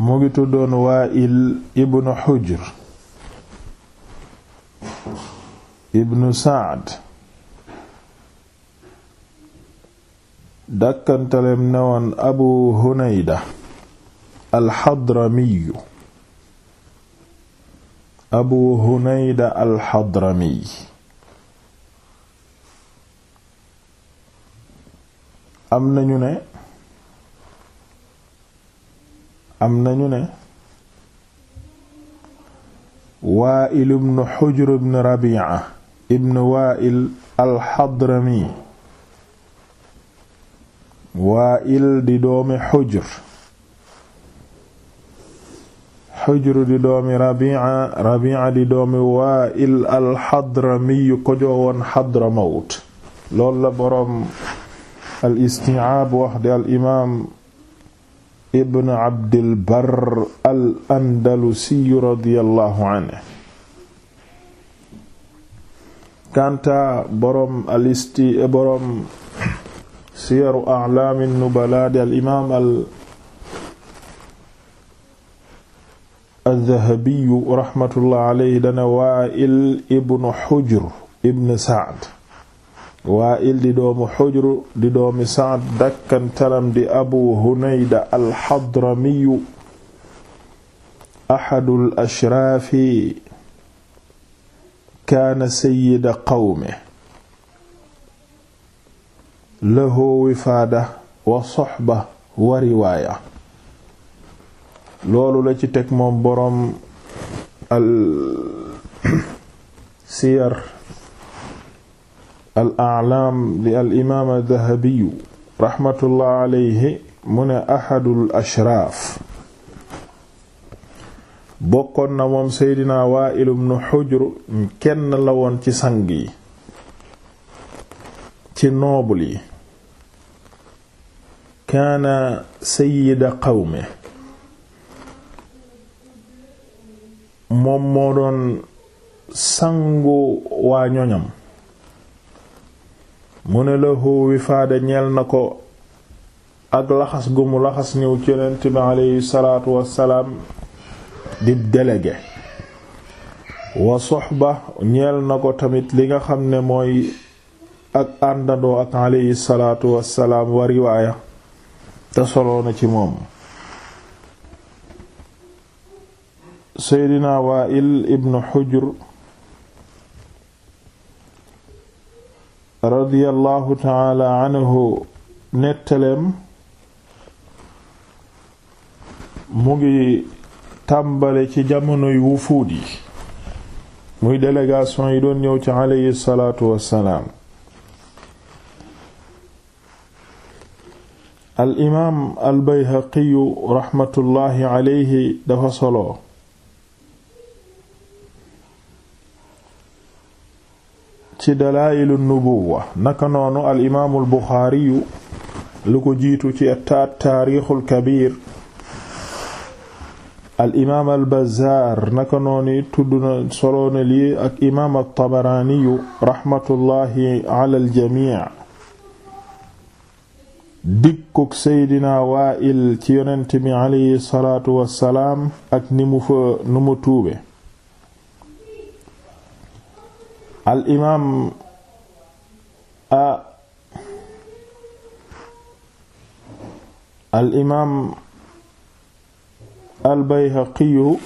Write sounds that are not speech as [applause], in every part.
mu ngi tuddoon Waa'il ibnu Hujr ibnu Saad dàkkantalem ne woon Abu Hunayda alxadramiyu Abu Hunayda alxadramiy am nañu ne am nañu ne Waa'il ibn Hujr ibn Rabi'a ibn Waa'il al-Hadrami Waa'il di doomi Hujr Hujr di doomi Rabi'a Rabi'a di doomi Waa'il al-Hadrami ko joowoon Hadramawt loolu la boroom al-Isti'aab wax di al imaam ibn Abdil Barr al Andalusi radiyallahu anhu kanta boroom alisti boroom siyaru a'laami nubala di al imaam al adh-Dhahabi rahmatullah alayhi dana Waa'il ibn Hujr ibn Sa'd Waa'il di doomu Hujr di doomi Sa'd dakkantalam di Abu Hunayda al-Hadramiyu ahadul ashraafi kaana sayyida qawmihi lahu wifaada wa soxba wa riwaaya loolu la ci teg moom boroom al siyar al aclaam li al imaam ad mu ne ahadul ashraaf bokkoon na moom seydina Waa'il ibn Hujr kenn la woon ci sang yi ci noble yi kaana sayyida qawmi moom moo doon sangu waa ñoñam mu ne lahu wifaada ñeel na ko ak laxas gu mu laxas ñëw ci yonent bi salaatu wassalaam di délégué wa soxba ñeel na ko tamit li nga xam ne mooy ak àndandoo ak aleyhi salaatu wassalaam wa riwaaya te soloo na ci moom seydina ibnu Hujr radiyallahu taala anhu nettelem mu ngi tàmbale ci jamonoy wufuud yi muy délégation yi doon ñëw ci aleyhi salaatu wassalaam al imaam al bayhaqiyu raxmatullaahi aleyhi dafa solo ci dalaa'ilu nubuwa naka noonu al imaamul buxaariyu lu ko jiitu ci at taarixul kabiir al imaam al bazaar naka noonu tudd na solo na lii ak imaam al tabaraaniyu raxmatullaahi alal jamii dikkuk seydina waa'il ci yonent bi alayhi salaatu ak ni al imaam a al imaam al bayhaqiyu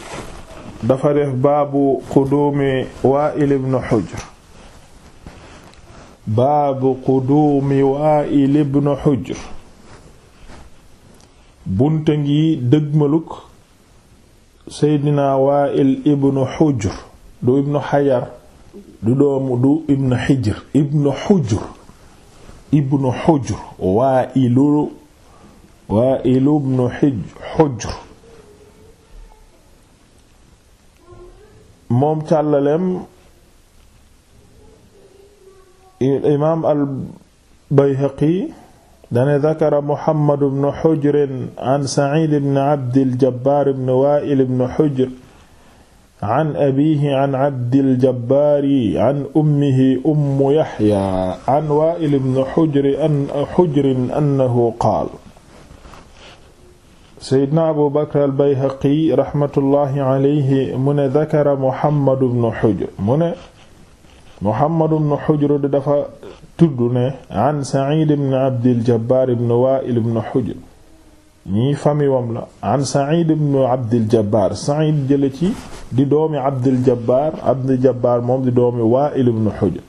dafa def baabu quduumi waa'il ibn hujr baabu quduumi waa'il ibn hujr bunta ngi dëgmaluk seydina waa'il ibn hujr du ibn hajar du doomu du ibn xijr ibn xujr ibn xujr waa ilu waa ilu ibn xujr moom càllaleem imaam al bayhaqi dane dakara muhammad ibn xujr an saciid ibn abdil jabbaar ibn waa'il ibn xujr an abiihi an Abdil Jabbaari an ummihi ummu Yaxya an Waa'il ibn Hujr an Hujr annahu qaala Seydina Abu Bakr al-Bayhaqi raxmatullaahi alayhi mu ne dakara Muhammad ibn Hujr mu ne Muhammad ibn Hujr dafa tudd ne an Saciid ibn Abdil Jabbaar ibn Waa'il ibn Hujr ñii fami wam la an Sa'id ibn Abdil Jabbar Sa'id jële ci di doomi Abdil Jabbar Abdil moom di doomi Wa'il ibn Hujr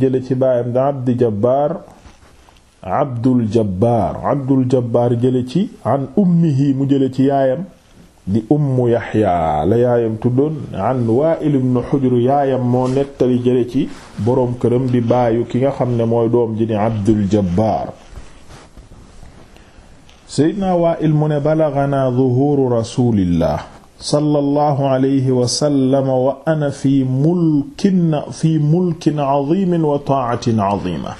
jële ci baayam da Abdil Jabbar Abdul Jabbar Abdul Jabbar jële ci an ummihi mu jële ci yaayam di ummu Yaxya la yaayam tuddoon an Wa'il ibn Hujr yaayam moo nettali jële ci boroom këram di baayu ki nga xam ne mooy doom ji ni Abdul Jabbar seydna Waa'il mu ne balaganaa duhuuru rasulillah sallallahu alayhi wa sallam wa ana fi mulkin fi mulkin azimin wa taatin azima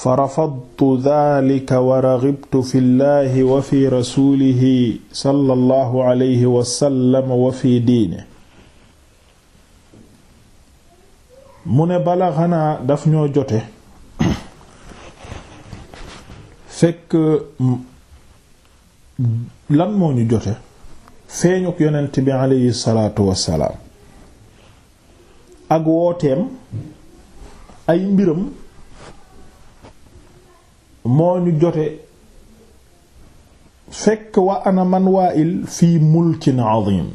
fa rafadtu dhalika wa raghibtu fi llahi wa fi rasulihi sallallahu alayhi wa sallam wa fi diinihi mu ne balaganaa daf ñoo jote fekk lan moo ñu jote feeñuk yonent bi aleyhi salaatu wassalaam ak wooteem ay mbiram moo ñu jote fekk wa ana man wa'il fii mulkin azim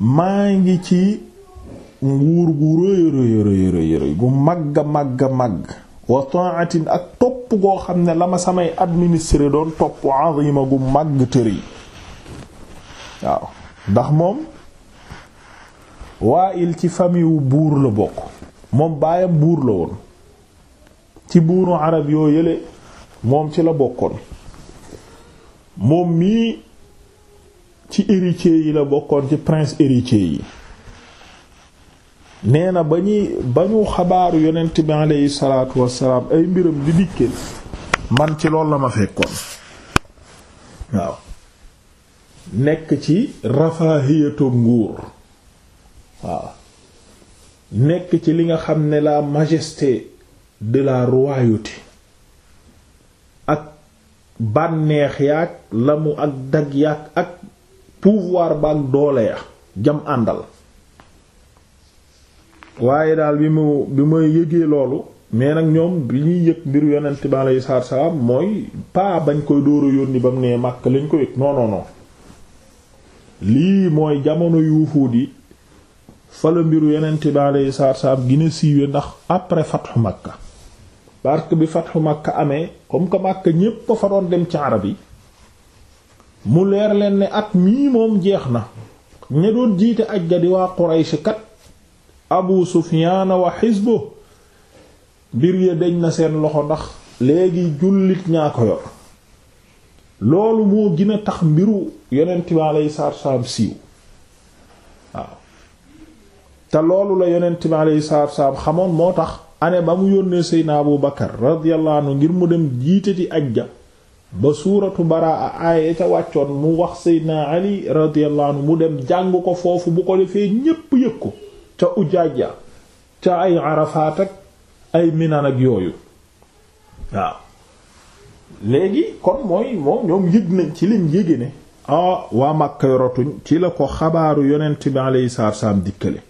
maa ngi ci nguur gu rëy rëy rëy rëy gu màgg màgg màgg wa taatin ak topp goo xam ne la ma samay administré doon topp azima gu màgg tër yi waaw ndax moom waa il ci famille wu buur la bokk moom baayam buur la woon ci buuru arab yoo yële moom ci la bokkoon moom mii ci héritier yi la bokkoon ci prince héritier yi nee na ba ñuy ba ñu xabaaru yonent bi aleyhi salaatu wassalaam ay mbiram di dikkee man ci loolu la ma fekkoon waaw nekk ci rafaahiyatu nguur waaw nekk ci li nga xam ne la majesté de la royauté ak bànneex yaag la mu ak dag yaag ak pouvoir ba ak doole ya jam àndal waaye daal bi mu bi ma yëgee loolu mais nag ñoom bi ñuy yëg mbiru yonent bi alayhi salaatu mooy pa bañ koy dóora yónni ba mu nee màkk lañ ko yëg non lii mooy jamono yuufuut yi fa la mbiru yonent bi alayhi salaatu salaam gina siiwee ndax après fatxu Makka parce bi fatxu Makka amee comme que Makka ñépp fa doon dem caara bi mu leer leen ne at mii moom jeex na ña doon jiite aj ga di waa Quraysh kat abu sufyan wa xisbu mbir ya deñ na seen loxo ndax léegi jullit ñaa ko yor loolu moo gën a tax mbiru yonent bi alayhi salaatu wasalaam siiw waaw te loolu la yonent bi alayhi salaatu wasalaam xamoon moo tax ane ba mu yónnee seydna abu bakar radiyallahu ngir mu dem jiite ci ajja ba suuratu baraa aaya ca wàccoon mu wax seydna ali radiyallahu mu dem jàng ko foofu bu ko defee ñépp yëg ko ca ujaaj ya ca ay Arafat ak ay Minan ak yooyu waaw léegi kon mooy moom ñoom yëg nañ ci lañ yége ne ah waa Makka yorotuñ ci la ko xabaaru yonent bi alayhi salaatu wassalaam dikkale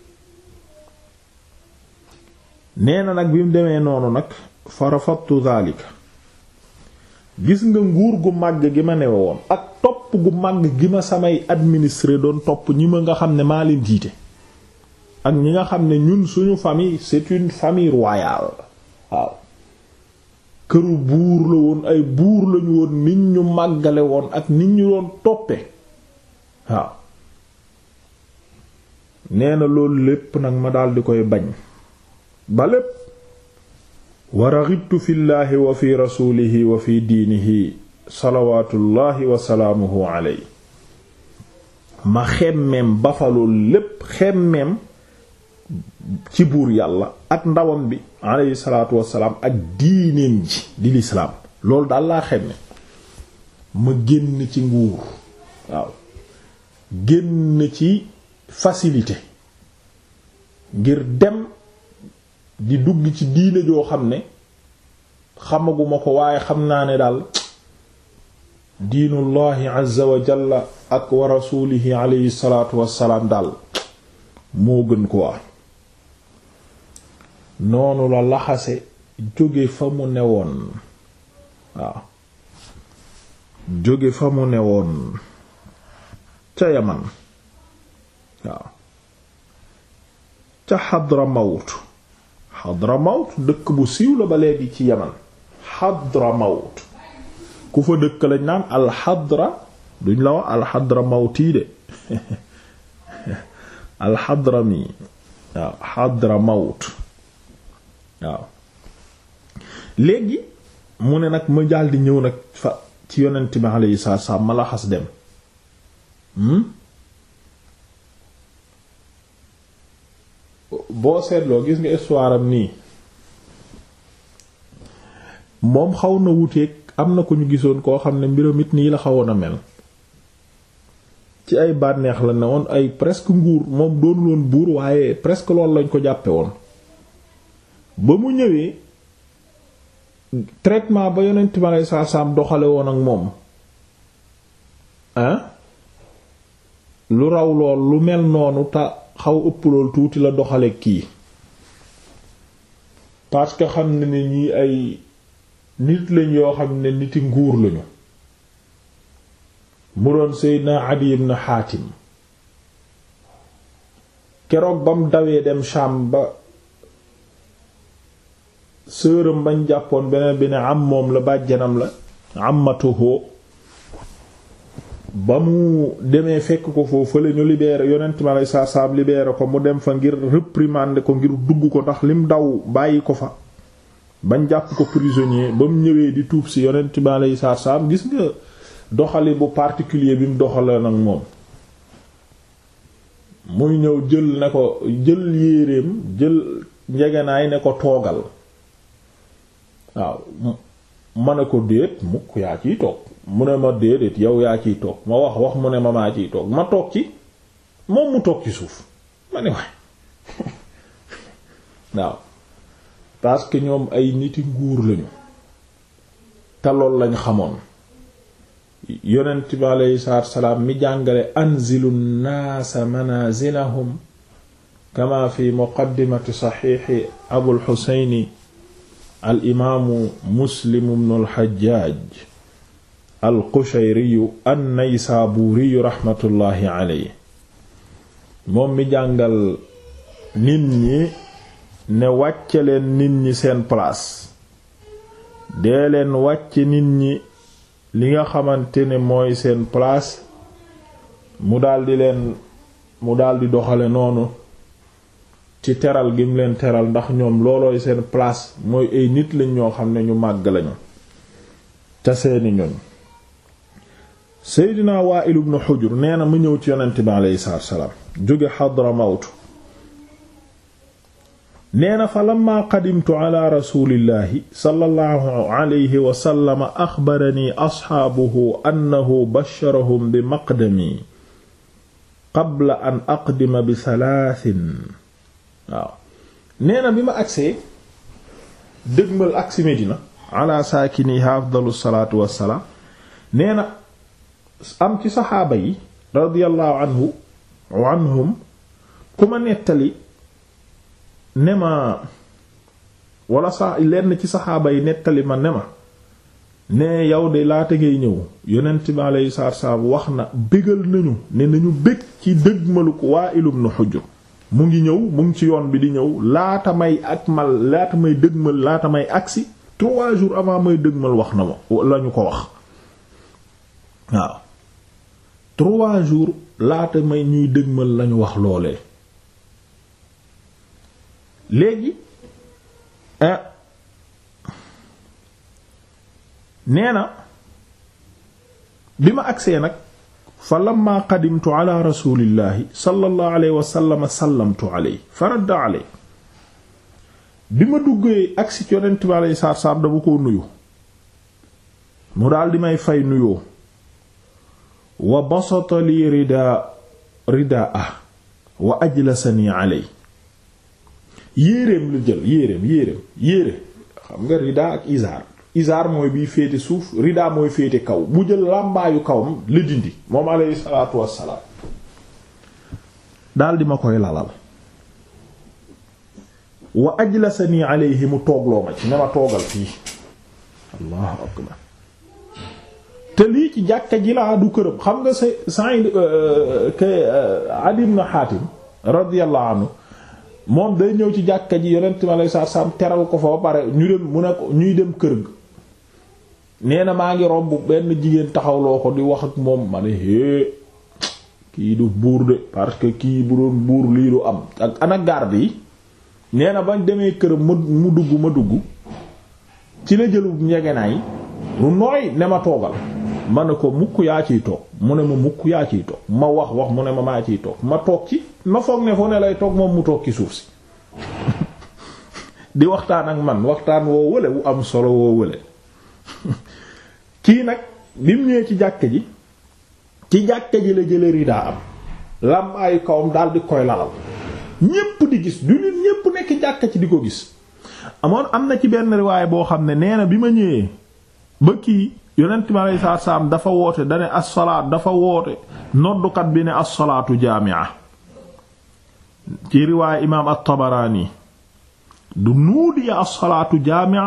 nee na nag bi mu demee noonu nag farafatu zaalika gis nga nguur gu màgg gi ma newe woon ak topp gu màgg gi ma samay administré doon topp ñi ma nga xam ne maa leen jiite ak ñi nga xam ne ñun suñu fami c'est une famille këru buur la woon ay buur lañu woon nit ñu màggale woon ak nit ñu doon toppe waaw nee na loolu lépp nag ma daldi koy bañ ba lépp wa raghibtu fillaahi wa fi rasuulihi wa fi diinihi salawaatullaahi wa salaamuhu ma xemmeem ba fa loolu lépp xemmeem ci buur yàlla ak ndawam bi alayhi salaatu wassalaam ak diineem ji di lislaam loolu daal laa xemme ma génn ci nguur waaw génn ci facilité ngir dem di dugg ci diine joo xam ne xamaguma ko waaye xam naa ne daal diinullahi azza wa ak wa rasulihi alayhi salaatu wassalaam daal moo gën ko waa noonu la laxase jóge fa mu newoon waaw jóge fa mu newoon ca yaman waaw ca Hadramawt Hadramawt dëkk bu siiw la ba léegi ci yaman Hadramawt ku fa dëkk lañ naan alxadra duñ la wax alxadramawti de [laughs] alxadrami waaw Hadramawt waaw léegi mu ne nag ma daal di ñëw nag fa ci yonent bi alayhi salaatu salaam ma la dem hmm? boo seetloo gis nga histoire am nii moom xaw na wuteeg am na ko ñu gisoon koo xam ne mbiram it nii la xawoon a mel ci ay bànneex la ne woon ay presque nguur moom doonul woon buur waaye presque loolu lañ ko jàppe woon ba mu ñëwee traitement ba yonent bi aleyhi salaatu salaam doxale woon ak moom lu raw lool lu mel noonu ta xaw ëpp lool tuuti la doxale kii parce que xam ne ni ñi ay nit lañ yoo xam ne niti nguur lañu mu doon Seydina Adi ibn Xaatim keroog ba mu dawee dem Sham ba sëram bañ jàppoon beneen bi ne am moom la bàjjanam la amatuhu ba mu demee fekk ko foofu la ñu libéré yonent ma lay saa saab libéré ko mu dem fa ngir réprimander ko ngir dugg ko ndax li mu daw bàyyi ko fa bañ jàpp ko prisonnier ba mu ñëwee di tuub si yonent ma lay saa saab gis nga doxali bu particulier bi mu doxalee nag moom muy ñëw jël ne ko jël yéreem jël njeganaay ne ko toogal waaw ma ne ko déet mukk yaa ciy toog mu ne ma déedéet yow yaa ciy toog ma wax wax mu ne ma maa ciy toog ma toog ci moom mu toog ci suuf ma ne waay [laughs] waaw parce ñoom ay niti nguur lañu te lool lañ xamoon yonent bi aleyhi salaatu salaam mi jàngale anzilu naasa manazilahum kama fi muqaddimati saxiixi abul xuseyni al imaamu muslim bnu lxajjaaj al qushayriyu an naysaabuuriyu raxmatullaahi aley moom mi jàngal nit ñi ne wàcce leen nit ñi seen place dee leen wàcce nit ñi li nga xamante ne mooy seen place mu daldi leen mu daldi doxale noonu ci teral gi mu teral ndax ñoom loolooy seen place mooy ay nit lañ ñoo xam ne ñu màgg lañu ca seeni ñoñ seydina Wa'il ibn mu ñëw ci yonent bi aleyhi salaatu salaam jóge Hadramawt nee na fa lamma qadimtu ala rasulillahi sallallahu alayhi wa sallam bi maqdami qabla an aqdima bi salaasin waaw nee na bi ma agsee dëgmal agsi Medina ala saakini afdalu salaatu wassalaam nee na am ci saxaaba yi radiyallahu anhu wa anhum ku ma nettali ne ma wala sa lenn ci saxaaba yi nettali ma ne ma ne yow de laata ngay ñëw yonent bi alayhi salaatu wassalaam wax na bégal nañu ne nañu bég ci dëgmalu ko waa ilum nu xujur mu ngi ñëw mu ngi ci yoon bi di ñëw laata may ak mal laata may dëgmal laata may agsi trois jours avant may dëgmal wax na ma lañu ko wax waaw trois jours laata may ñuy dëgmal lañu wax loolee léegi eh, nee na bi ma agsee nag fa lamma qadimtu ala rasulillahi sallallahu alayhi wa sallam sallamtu alayhi fa radda alayhi bi ma duggee agsi ci yonent bi alayhi salaatu salaam dama koo nuyu mu daal di may fay nuyoo wa basata li ridaa ridaa wa ajlasani alayhi yéeréem lu jël yéeréem yéeréem yéere xam nga ridaa ak izaar isaar mooy bii féete suuf rida mooy féete kaw bu jël làmbaayu kawam la dindi moom alayhi salaatu wassalaam daal di ma koy lalal wa ajlasani alayhi mu toogloo ma ci ne ma toogal fii allahu akbar te lii ci jàkka ji laa du këram xam nga sa Sa'id euh, ke euh, Adi ibn Hatim radiyallahu anhu moom day ñëw ci jàkka ji yonent mi teral ko fa ba pare ñu dem mu ne ko ñuy dem kër nee na maa ngi romb benn jigéen taxawloo ko di wax ak moom ma ne hé kii du buur de parce que kii bu doon buur lii du am ak ana garde yi nee na demee këram ma mu dugg ma dugg ci la jëlu njegenaay lu nooy ne ma toogal ma ne ko mukk yaa ciy toog mu ne ma mukk yaa ciy toog ma wax wax mu ne ma maa ciy toog ma toog ci ma foog ne foo ne lay toog moom mu toog ci suuf si [laughs] di waxtaan ak man waxtaan woo wële wu am solo woo wële [laughs] kii nag bi mu ñëwee ci jàkka ji ci jàkka ji la jële ridaa am làmbaayu kawam daal di koy lalal ñépp di gis du nit ñépp nekk jàkka ci di ko gis amoon am na ci benn riwaay boo xam ne nee na bi ma ñëwee ba kii yonent mi dafa woote da ne assalaat dafa woote noddukat bi ne assalaatu jaamia ci riwaay imaam at-Tabaraani du nuudiya assalaatu jaamia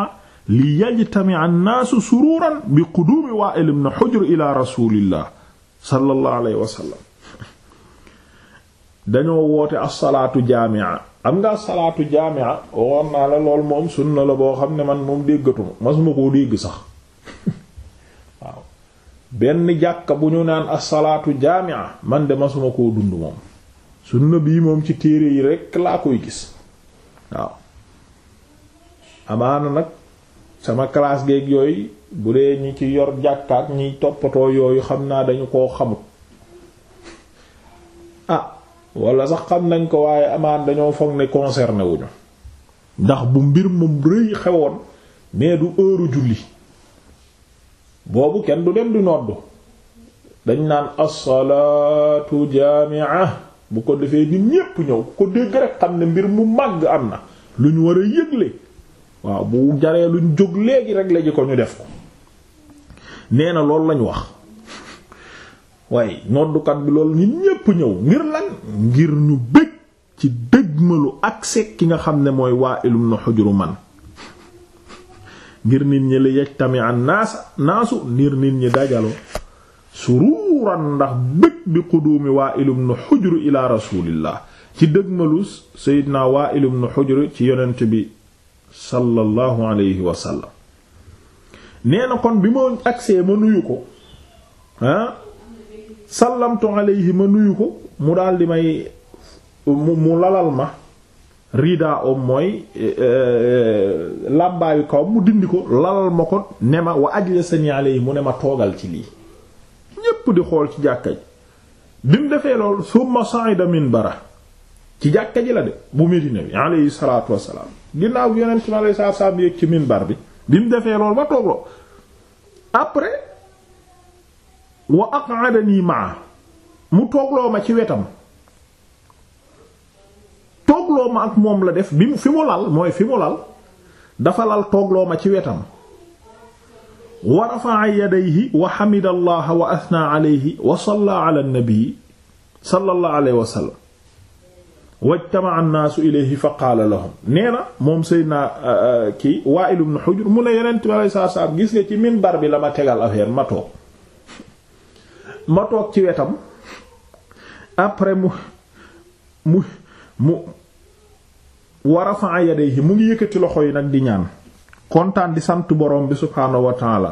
li yajtami annaasu sururan bi quduumi Waa'il ibn Hujr ila rasulillah sallallahu alayhi wa sallam woote as-salaatu jaami'a am nga salaatu jaami'a waxoon naa la boo xam ne man moom déggatuma masuma koo dégg sax [laughs] waaw benn jàkka bu ñu naan as-salaatu jaami'a man de koo dund moom yi rekk laa koy gis amaana nag sama classe geeg yooyu bu dee ñi ci yor jàkkaak ñiy toppatoo yooyu xam naa dañu koo xamut a ah, wala sax xam nañ ko waaye amaan dañoo foog ne concerné wuñu ndax bu mbir mu rëy xewoon mais du heure julli boobu kenn du dem du noddu dañ naan as-salaatu bu ko defee nit ñépp ñëw ko dégg rek xam ne mbir mu màgg am na lu ñu war a yëgle waaw bu jaree luñ jóg léegi rek la ko ñu def ko nee na loolu lañu wax waaye noddukat bi loolu nit ñépp ñëw ngir lan ngir ñu bëgg ci dëgmalu akse ki nga xam ne mooy waa ilum na xujuru man ngir nit ñi li yajtami an naasa naasu ngir nit ñi dajaloo suruuran ndax bëgg bi xuduumi waa ilum na xujuru ila rasulillah ci dëgmalu seydinaa waa ilum na xujuru ci yonent bi sallallahu alayhi wa sallam nee na kon bi ma agsee ma nuyu ko ah sallamtu alayhi ma nuyu ko mu daal di may mu lalal ma ridaa om mooy eh, eh, làmbaayu kaw mu dindi ko lalal ma ko ne ma wa ajlasani alayhi mu ne ma toogal ci lii ñépp di xool ci jàkka ji bi mu defee loolu summa sa'ida bara ci jàkka ji la de bu Medina bi alayhi salaatu wassalaam ginnaaw yéeg ci minbar bi bi mu defee loolu ba toog loo après wa aq'adani mu toogloo ma ci wetam ma def bi mu fi mu lal mooy fi mu lal dafa lal toogloo ma ci wetam wa rafa'a yadayhi wa hamida wa athna alayhi wa salla ala nabi sallallahu alayhi wa wajtama annaasu ilayhi fa qaala lahum nee na moom naa Seydina uh, uh, kii Waa'il ibn Hujr mu ne yeneen bi alayhi salaatu salaam gis nga ci bar bi la ma tegal affaire ma toog ci wetam après mu mu mu wa rafa'a yadayhi mu ngi yëkkati loxo yi nag di ñaan kontaan di sant borom bi subhaanahu wa ta'aala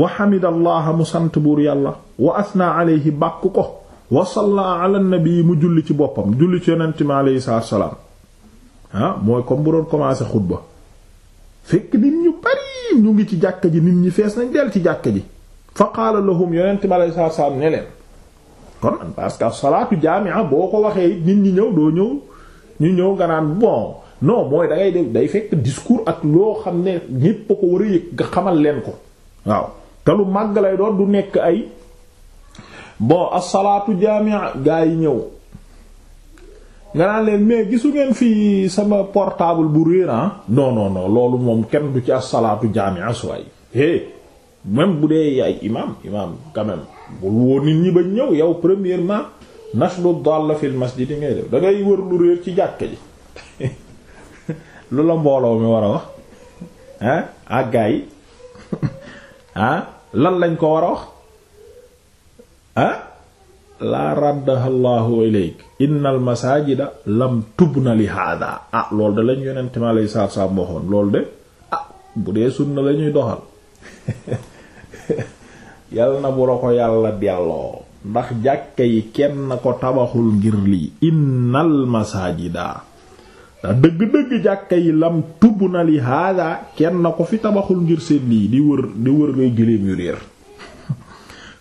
wa hamida mu sant buur yàlla wa asnaa alayhi bàkk ko wasalla ala nabi mu julli ci boppam julli ci yonent mi aleyhi salaatu salaam ah, mooy comme bu doon commencé xutba fekk nit ñu bari ñu ngi ci jàkka ji nit ñi fees nañ del ci jàkka ji fa qaala lahum yonent mi aleyhi salaatu salaam ne leen kon parce que salaatu jaami'a boo ko waxee nit ñi ñëw doo ñëw ñu ñëw nga naan bon non mooy da ngay def day fekk discours ak loo xam ne ñépp a ko war a yëg xamal leen ko waaw te lu màgg lay doon du nekk ay. bon asalaatu jaami'a gaa yi ñëw nga naan leen mais gisu ngeen fii sama portable bu réer ah non non loolu moom kenn du ci asalaatu jaami'a suwaay hey même bu dee yaay imam imam quand même woo nit ñi ba ñëw yow premièrement nashdu la fil masjid ngay def da ngay wër lu réer ci jàkka ji [laughs] lu la mbooloo mi war a wax ah ak gaa yi [laughs] ah lan lañ ko war a wax. ah laa raddaha llahu ilayk innal masajida lam tubna li hada ah loolu de lañu yonente mi aleyi saatu salaam waxoon de ah bu dee sunna la ñuy doxal yàlla [laughs] na bu la ko yàlla delloo ndax jàkke yi kenn ko tabaxul ngir lii innal masajida da dëgg-dëgg jàkke yi lam tub li hada kenn ko fi tabaxul ngir seen lii di wër di wër ngay gëléem yu réer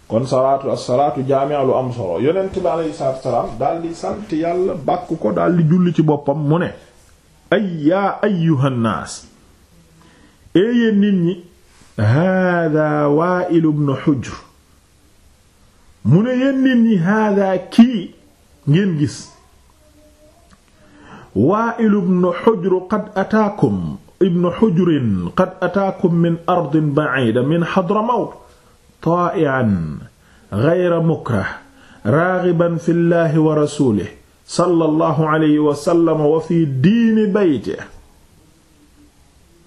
kon salaatu assalaatu jaamia lu am solo yonent bi aleyhi salaatu wa salaam daal di sant yàlla bàkk ko daal di julli ci boppam mu ne ay yaa ayyuhannaas éeyéen nit ñi hàdda Waa'il ibn Hujr mu ne yéen nit ñi hàdda kii ngeen gis Waa'il Hujr qad ataakum ibn Hujrin qad ataakum min ardin ba'iida min Hadramawt taa'ian ghayra mukrah raagiban fi llahi wa rasulihi sallallahu alayhi wa sallam wa fi diini baytihi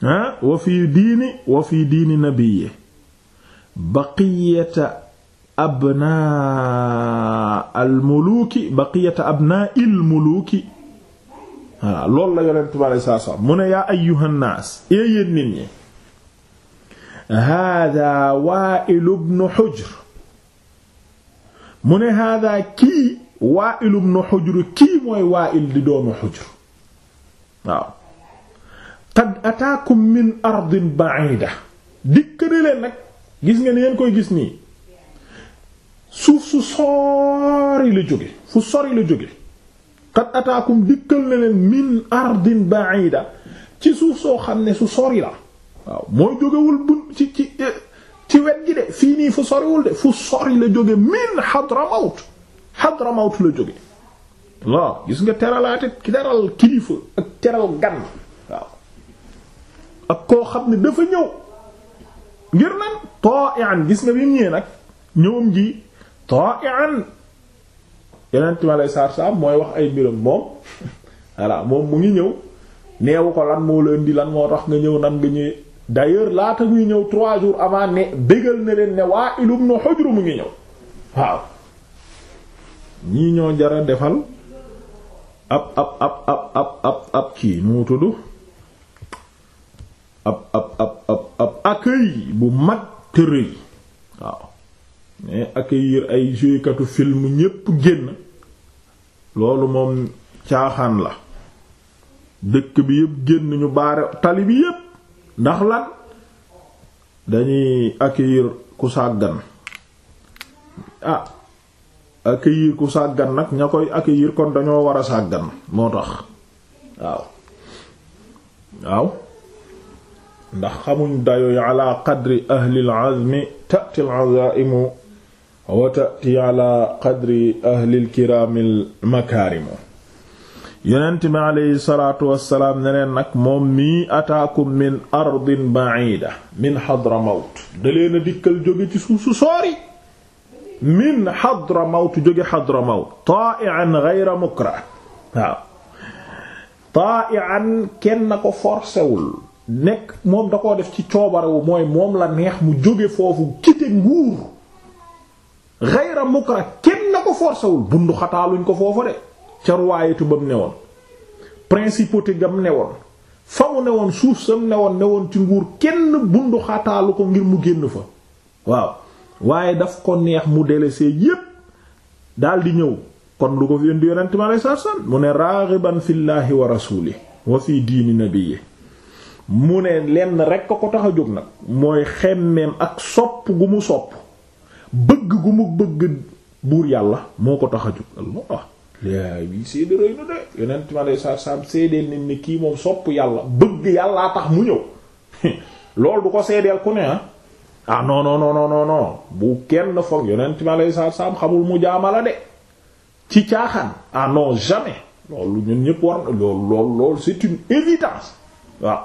ha wa fi diini wa fi diini nabiyyihi baqiyata abnaa almuluuki baqiyata abnaa ilmuluuki loolu la yonent bi alayhi salaatu wa salaam mu ne yaa ayyuhan naas yéen nit ñi hada Waa'il ibn Hujr mu ne hada kii Waa'il ibn Hujr kii mooy Waa'il di doomu Hujr waaw ataakum min ardin ba'ida dikk ne nag gis nga ni koy gis nii suuf su sori la jóge fu ataakum dikkal ne min ardin ba'ida ci suuf soo xam ne su sori waaw mooy jógewul bu ci ci ci wet gi de fii nii fu soriwul de fu sori la jóge min Hadramawt Hadramawt la jóge waaw gis nga teralaate teral kilifa ak teral gan waaw ak koo xam ne dafa ñëw ngir nan ta'ian gis nga bi mu ñëwee nag ñëwam ji ta'ian yeneen ma lay saar saar mooy wax ay mbiram moom [laughs] voilà moom mu ngi ñëw neewu ko lan moo la indi lan moo tax nga ñëw nan nga ñëwee d'ailleurs laata muy ñëw trois jours avant ne bégal na leen ne waa ilum no xojru mu ngi ñëw waaw ñii ñoo jara defal ab ab ab ab ab ab ab kii bu mag te rëy waaw mais accueillir ay jukatu film ñépp génn loolu moom caaxaan la dëkk bi yépp génn ñu baare tali bi yépp ndax la dañuy accueillir ku sàggan ah accueillir ku sàggan nag ña koy accueillir kon dañoo war a sàggan moo tax waaw waaw ndax xamuñ dayoy ala qadri ahlil azmi tati al wa tati ala qadri ahlil kiramil makarimu yonent mi aleyhi salaatu wassalaam ne leen nag moom mii ataakum min ardin ba'ida min Hadramawt da leen a dikkal jóge ci suuf su soori min Hadramawt jóge Hadramawt taa'ian ghayra mukrah waaw kenn ko forcéwul nekk moom da def ci coobarewu mooy moom la neex mu jóge foofu kite nguur ghayra mukrah kenn ko forcéwul bundu xataaluñ ko foofu de ca ruwaayatu ba mu newoon principauté ga mu newoon fa mu newoon suuf sa mu newoon woon ci nguur kenn bundu xataalu ko ngir mu génn fa waaw waaye daf ko neex mu délaissé yépp daldi ñëw kon lu ko fi indi yonent ma lay sarsan mu ne raaxiban fillaahi wa rasuuli wa fi diini nabiyi mu ne lenn rekk a ko tax a jóg nag mooy xemmeem ak sopp gu mu sopp bëgg gu mu bëgg buur yàlla moo ko tax a jóg yaa wi seede rëy na de yonent ma lay sa saam seedeel nit ni kii moom sopp yàlla bëgg yàllaa tax mu ñëw [laughs] loolu du ko seedeel ku ne ah ah non non non bu kenn foog yonent ma lay sa saam xamul mu jaamala de ci caaxaan ah non jamais loolu ñun ñëpp war na loolu loolu loolu c'est une évidence waaw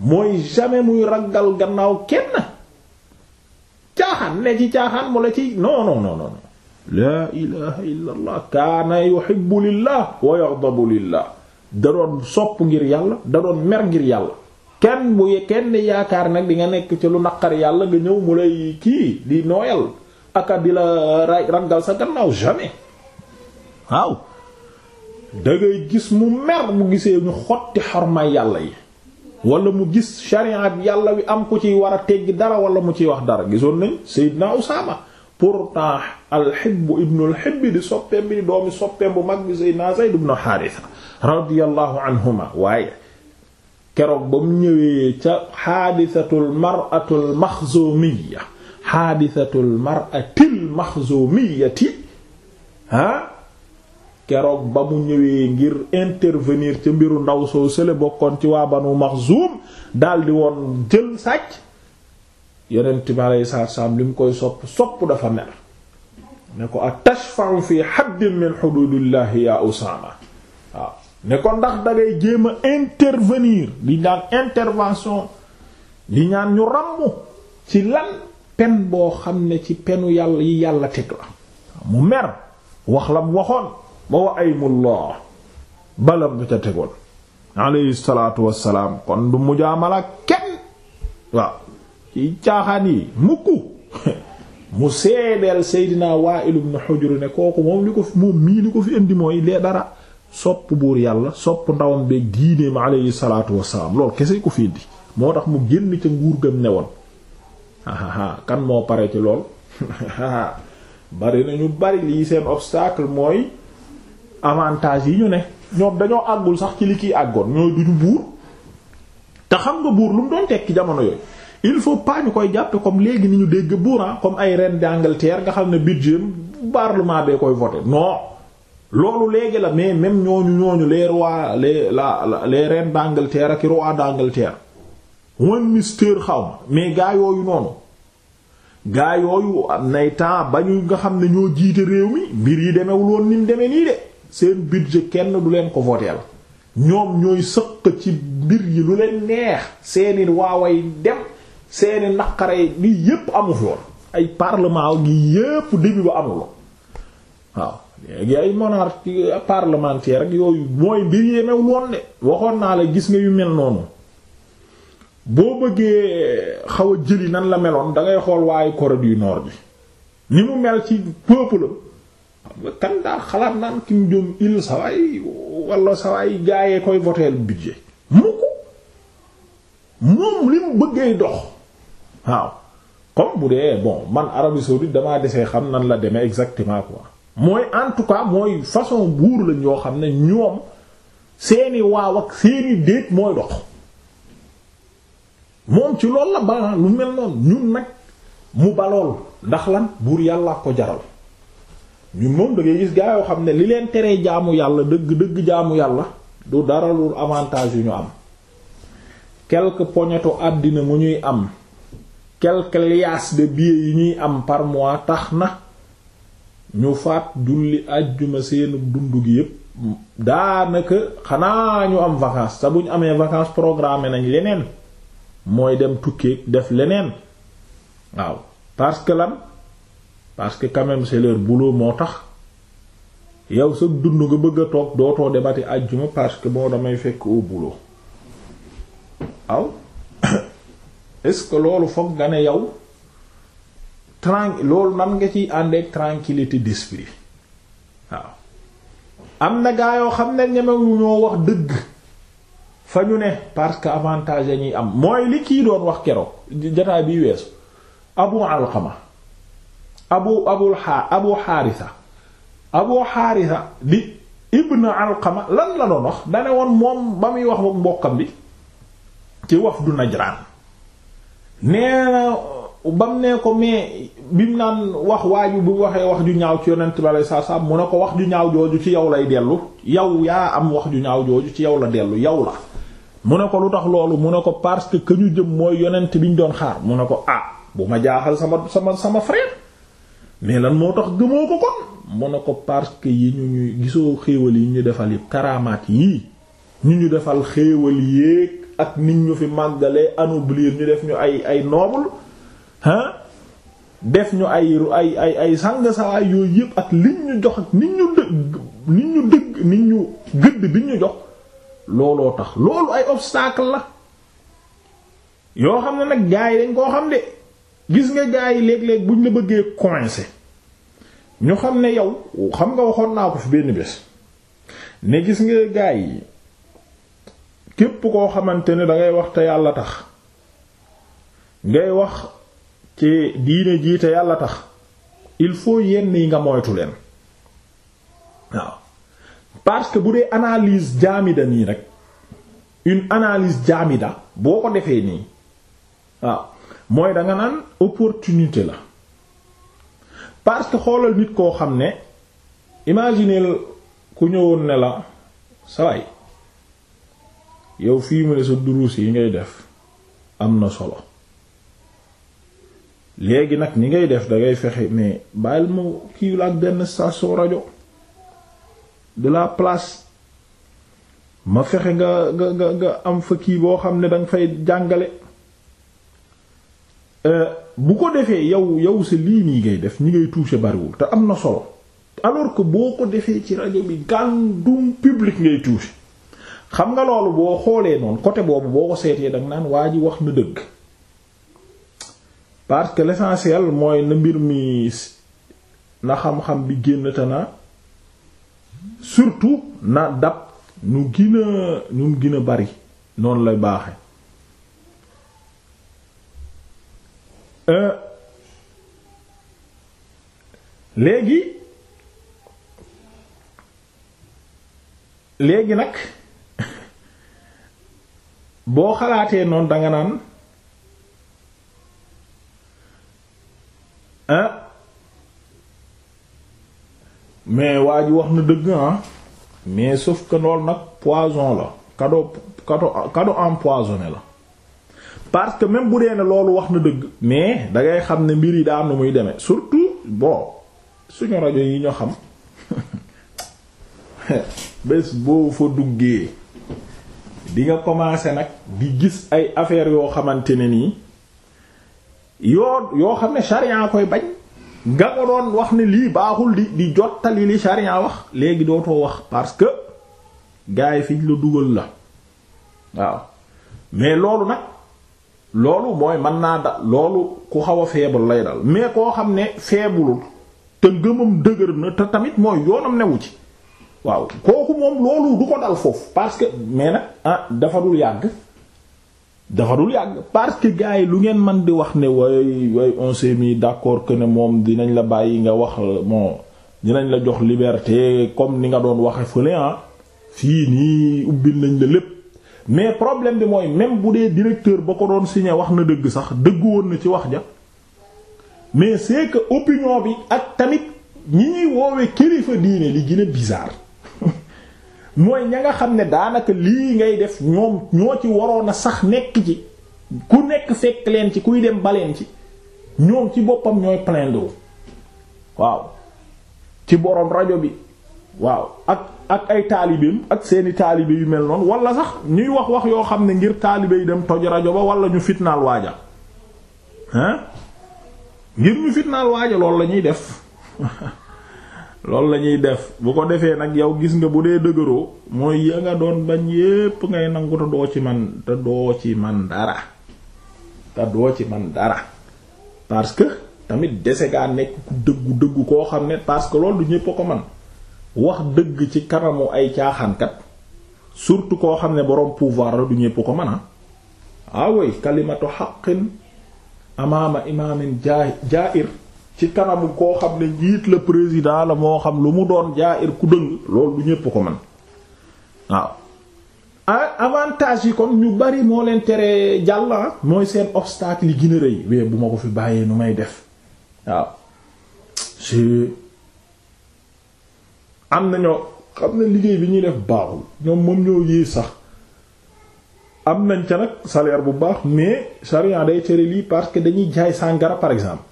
mooy jamais muy raggal gannaaw kenn caaxaan ne ci caaxaan mu la ci non non non laa ilaha illa allah kaana yuhibbu lillah wa yaghdabu lillah da doon sopp ngir yàlla da doon mer ngir yàlla kenn bu kenn yaakaar nag di nga nekk ci lu naqar yàlla nga ñëw mu lay kii di nooyal aka di la rangal sa gannaaw jamais waaw da gis mu mer mu gisee ñu xotti xormaay yàlla yi wala mu gis shariat yàlla wi am ku ciy war a teggi dara wala mu ciy wax dara gisoon nañ Seydina Usaama pourtant alxibb ibnu alxibb di soppeem bi di doomi soppeem bu mag bi Seydina Zayd ibnu Haarisa radiyallahu anhuma waaye keroog ba mu ñëwee ca xaadisatul maratul maxzumiya xaadisatul maratil maxzumiyati ah keroog ba mu ñëwee ngir intervenir ca mbiru ndaw soo sële bokkoon ci waa banu maxzum daldi woon jël sàcc yonent bi alayhi salaatu salaam li mu koy sopp sopp dafa mer ne ko atashfa'u fi haddin min hududillahi ya Usaama waaw ne ko ndax dangay jéem a intervenir di ñaan intervention di ñaan ñu ràmm ci lan pen boo xam ne ci penu yàlla yi yàlla teg la mu mer wax la mu waxoon ba wa aymullah bala bu ca tegoon alayhi salaatu wassalaam kon du mujaamala kenn waaw ci caaxaan yi mukk mu seedeel Seydina Wa'il ibn Hujr ne kooku moom li ko fi moom mii li ko fi indi mooy lee dara sopp buur yàlla sopp ndawam beeg diineem alayhi salaatu wassalaam loolu kese ko fi indi moo tax mu génn ca nguur gëm ne woon kan moo pare ci lool [laughs] bari na ñu bari lii seen obstacle mooy avantage yi ñu ne ñoom dañoo àggul sax ci li kiy àggoon ñooy duñu buur te xam nga buur lu mu doon tekki jamono yooyu il faut pas ñu koy jàppe comme léegi ni ñu dégg buuraan comme ay reine d'Angleterre nga xam ne budget parlement bee koy voté non loolu léegi la mais même ñooñu ñooñu lee rois les la les reines d'Angleterre ak roi d'Angleterre one xaw ma mais gaa yooyu noonu gaa yooyu am nay temps ba ñu nga xam ne ñoo jiite réew mi mbir yi demewul woon ni mu demee nii de seen budget kenn du leen ko voteel ñoom ñooy sëq ci mbir yi lu leen neex seeni waaway dem seeni naqare gi yépp amu fi ay parlement gi yépp début ba amuloo waaw parlementaire rek yooyu mooy mbir yemew loon de waxoon naa la gis nga yu mel noonu boo bëggee xaw a jëli nan la meloon dangay xool waaye Corée du Nord bi ni mu mel ci peuple am kan daa xalaat naan Kim Jong Il sawaay wala sawaay gaayee koy voteel budget mu moom li mu bëggee dox waaw comme bu dee bon man Arabie saoudite damaa desee xam nan la demee exactement quoi mooy en mooy façon buur lañ yoo xam ne ñoom seeni waaw ak seeni déet mooy dox moom ci loolu la baax lu mel noonu ñun nag mu balool ndax lan buur yàlla ko jaral ñun moom da ngay gis gaa yoo xam ne li leen tere jaamu yàlla dëgg dëgg jaamu yàlla du dara lu avantage yu ñu am quelque poñeto àddina mu ñuy am quelques liasses de billets yi ñuy am par mois tax na ñu faat julli àjjuma seenu dund gi yépp daanaka xanaa ñu am vacances te amee vacances programmé nañ leneen mooy dem tukkeeg def leneen waaw parce que lan parce que quand même c'est moo tax yow sa dund nga bëgg a toog dootoo demati àjjuma parce que bon damay fekk au waaw est-ce que loolu foog nga ne yow tran loolu nan nga ciy àndeek tranquillité d'esprit waaw am na gaa yoo xam ne ñemewu wax dëgg fa ñu ne parce que avantage la am mooy li kii doon wax keroog jataay biy weesu abu alxama abu abu xaarisa abu xaarisa di ibn alxama lan la doon wax dane woon moom ba muy wax ba mbokkam bi ci wax du najraan nee na bam ne ko mais bi mu naan wax waaju bu waxee wax ju ñaaw ci yonent bi aleyhi salaatu salaam mu ne ko wax ju ñaaw jooju ci yow lay dellu yow yaa am wax ju ñaaw jooju ci yow la dellu yow la mu ne ko lu tax loolu mu ne ko parce que que ñu jëm mooy yonent bi ñu doon xaar mu ne ko ah bu ma jaaxal sama sama sama frère mais lan moo tax gëmoo ko kon mu ne ko parce que yi ñu ñuy gisoo xéewal yi ñu defal yëpp karaamaat yii ñu ñu defal xéewal yéeg ak nit ñu fi màggalee anoblir ñu def ñu ay ay noble hein def ñu ay ay ay ay sang sawaay yooyu yëpp ak liñ ñu jox ak nit ñu dëgg nit ñu dëgg nit ñu gëdd bi ñu jox looloo tax loolu ay obstacle la yoo xam ne nag gaa yi dañ koo xam de gis nga gaa yi léeg-léeg buñ la bëggee coincé ñu xam ne yow xam nga waxoon naa ko fi benn bés ne gis nga gaay yi képp koo xamante ne dangay wax te yàlla tax ngay wax ci diine jii te yàlla tax il faut yenn yi nga moytu leen waaw parce que bu dee analyse jaamida nii rek une analyse jaamida boo ko defee nii waaw mooy danga naan opportunité la parce que xoolal nit koo xam ne imaginez ku ñëwoon ne la saway yow fii mu ne sa duruus yi ngay def am na solo léegi nag ni ngay def dangay fexe mais bàyyil ma kii la ak benn station rajo de la place ma fexe nga nga nga am fa kii boo xam ne danga fay jàngale euh, bu ko defee yow yow sa lii nii ngay def ñi ngay toucher bariwul te am na solo alors que boo ko defee ci rajo bi gàndum public ngay toucher xam nga loolu boo xoolee noonu côté boobu boo ko seetee danga naan waa ji wax na dëgg parce que l'essentiel mooy na mbir mi na xam-xam bi génn te na surtout na dab nu gën a nu gën a bari noonu lay baaxe euh, léegi léegi nag boo xalaatee noonu danga naan ah mais waa ji wax na dëgg ah mais sauf ko loolu nag poison la cadeau cadeau cadeau empoisonné la parce que même bu dee ne loolu wax na dëgg mais dangay xam ne mbir yi daa na muy demee surtout boo suñu rajo yi ñoo xam [laughs] bés boo fa duggee di nga commencer nag di gis ay affaires yoo xamante ne nii yoo yoo xam ne sharia koy bañ nga ko doon wax ne lii baaxul di di jottali li sharia wax léegi dootoo wax parce que gars yi fiñ la dugal la waaw mais loolu nag loolu mooy mën naa da loolu ku xaw a faible lay dal mais koo xam ne faiblewul te gëmam dëgër na te tamit mooy yoonam newu ci waaw kooku moom loolu du ko dal foofu parce que mais nag ah dafa dul yàgg dafa dul yàgg parce que gars yi lu ngeen man di wax ne way way on s'est mis d'accord que ne moom dinañ la bàyyi nga wax moo dinañ la jox liberté comme ni nga doon waxe fële ah fii nii ubbil nañ la lépp mais problème bi mooy même bu dee directeur ba ko doon signé wax na dëgg sax dëgg woon na ci wax ja mais c'est que opinion bi ak tamit ñi ñuy woowee kilifa diine li gën a bizarre mooy ña nga xam ne daanaka lii ngay def ñoom ñoo ci waroon a sax nekk ci ku nekk fekk leen ci kuy dem baleen ci ñoom ci boppam ñooy plaindre waaw ci borom rajo bi waaw ak ak ay taalibeem ak seeni taalibe yu mel noonu walla sax ñuy wax wax yoo xam ne ngir taalibe yi dem toj rajo ba walla ñu fitnaal waaja hein ngir ñu fitnaal waaja loolu la ñuy def [laughs] loolu la ñuy def bu ko defee nag yow gis nga bu dee dëgëroo mooy ya nga doon bañ yépp ngay nangu te doo ci man te ci man dara te doo ci man dara parce que tamit dese gaa nekk ku dëggu dëggu koo xam ne parce que lool du ñépp ko man wax dëgg ci kanamu ay caaxaankat surtout koo xam ne boroom pouvoir la du ñépp ko man a ah. awooy ah kalimatu haqqin amaama imaamin jaa'ir ci kanamu koo xam ne njiit la président la moo xam lu mu doon jaair ku dëng loolu du ñépp ko man waaw avantage yi kon ñu bari moo leen tere jàll ah mooy seen obstacle yi gën rey rëy bu ma ko fi bàyyee nu may def waaw si am xam ne liggéey bi ñuy def baaxul ñoom moom ñoo yées sax am nañ ca nag salaire bu baax mais charia day tere lii parce que dañuy jaay sàngara par exemple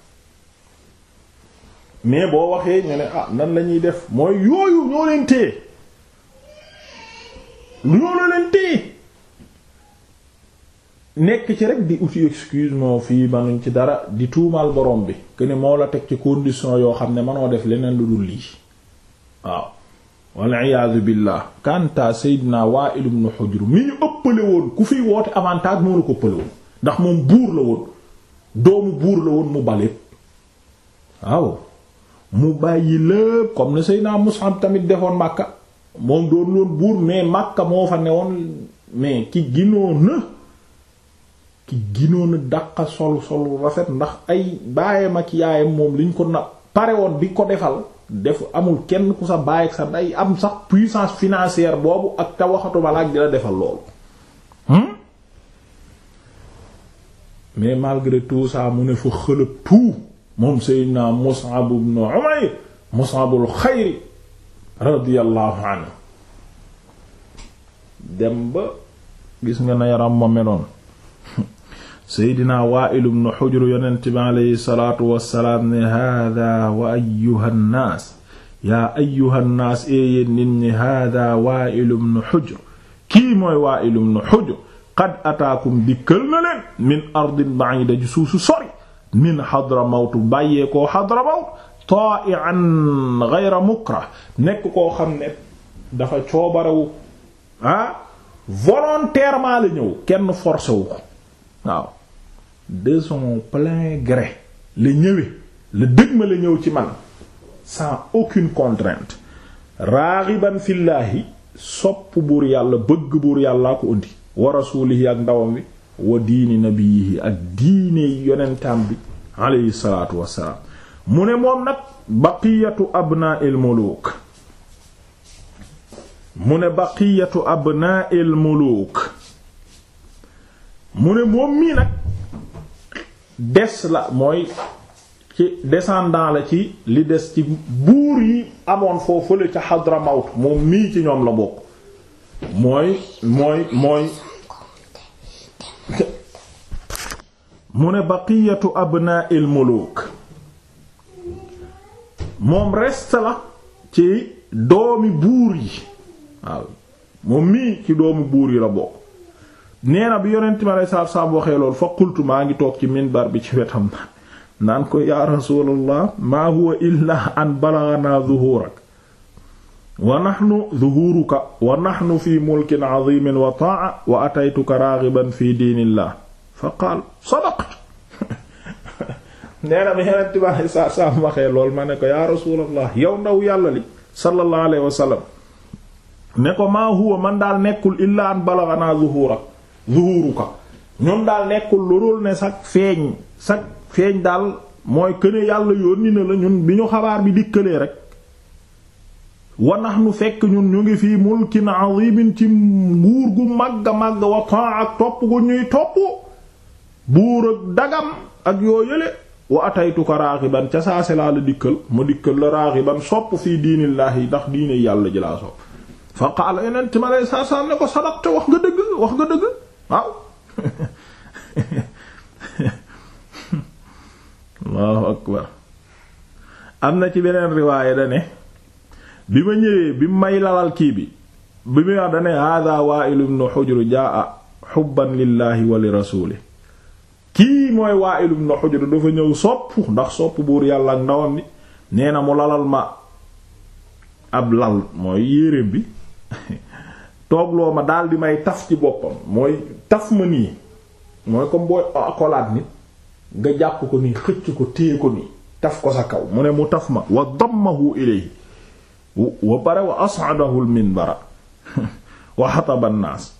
mais boo waxee ñu ne ah nan la ñuy def mooy yooyu ñoo leen téye ñoo la leen téye nekk ci rek di uti excuse moo fii manuñ ci dara di tuumaal borom bi que ne moo la teg ci condition yoo xam ne manoo def leneen lu dul lii waaw wal iyaadu billah kanta Seydina Wa'il ibn Hujr mi ñu ëppale woon ku fiy woote avantage moo la ko ëppale woon ndax moom buur la woon doomu buur la woon mu baleet waaw mu bàyyi lépp comme ne Seydina Mus'ab tamit defoon Makka moom doon loon buur mais Makka moo fa newoon mais ki ginoon na ki ginoon a sol sol rafet ndax ay baayam ak yaayam moom liñ ko na pare woon bi ko defal def amul kenn ku sa bàyyi ak sa day am sax puissance financière boobu ak te waxatu balaa di la defal loolu hmm? mais malgré tout ça mu ne fa xëlëb tout moom seydina Mus'ab ibn Umayr Mus'abul xayri radiyallahu anhu dem ba gis nga na yaram ma meloon seydina Waa'il ibn Hujr yonent bi aleyhi salaatu wassalaam ne haadaa wa ayyuha nnaas yaa ayyuha nnaas éeyéen nit ñi haadaa Waa'il ibn Hujr kii mooy Waa'il ibn Hujr qad ataakum dikkal na leen min ardin ba'ida ju suusu sori min Hadramawt bàyyee koo Hadramawt ta'i'an ghayra mukrah nekk koo xam ne dafa coobarewu ah la ñëw kenn forcé wu ko waaw de son plein la ñëwee la dëgg ma la ñëw ci man sans aucune contrainte raaxiban fillaahi sopp buur yàlla bëgg buur yàllaa ko undi wa ak ndawam wi wa diini nabiyihi ak diine yonentam bi aleyhi salaatu wassalaam mu ne moom nag baqiyatu abnaa'il muluuk muluuk mu ne moom mii nag des la mooy ci descendant la ci li des ci buur yi amoon foofu la ca Hadramawt moom mii ci ñoom la bokk mooy mooy mooy [laughs] mu ne baqiyatu abnaa'il muluk moom reste la ci doomi buur yi waaw moom mii ci doomi buur yi la nee na bi yonent mi aleyhi salaatu salaam waxee loolu fa qultu maa ngi toog ci minbar bi ci wetam naan ko yaa rasuulallah maa huwa illaa an balaghana zuhurak wa naxnu zuhuuruka wa naxnu fi mulkin wa taa wa ataytuka raagiban fi diinillah fa qaal sadaqta [laughs] nee na mi yeneen tibaale saa saa mu waxee lool ma ne ko yaa rasuulallah yow ndaw yàlla li sallallahu alayhi wa ne ko maa huwa man daal nekkul illaa balaganaa zuhuura zuhuuruka ñun daal nekkul lu dul ne sag feeñ sag feeñ daal mooy këne yàlla yónni na la bi ñu xabaar bi dikkalee rek wa nahnu fekk ñun ñu ngi fii mulkin azimin ci nguur gu màgg màgg wa taa ak topp gu ñuy topp buur ak dagam ak yoo yële wa ataytuka raaxiban ca saase laa la dikkal ma dikkal la raaxiban sopp fii diinillaahi ndax diine yàlla ji laa sopp fa qaala yonent ma lay ne ko sadaqta wax nga dëgg wax nga dëgg waaw [laughs] allahu akbar am na ci beneen riwaaya da ne bi ma ñëwee bi may lalal kii bi bi muy wax dane hada Wa'il ibn Hujr jaa xubban lillahi wa li rasuli kii mooy Wa'il ibn Hujr dafa ñëw sopp ndax sopp buur yàlla ak ndawam bi nee na mu lalal ma ab lal mooy yéreem bi [laughs] toogloo ma daldi may taf ci boppam mooy taf ma nii mooy comme booy akolaat nit nga jàpp ko nii xëcc ko téye ko nii taf ko sa kaw mu ne mu taf ma wa dammahu ilayhi wa pare wa as'adahu al [laughs] wa xataba naas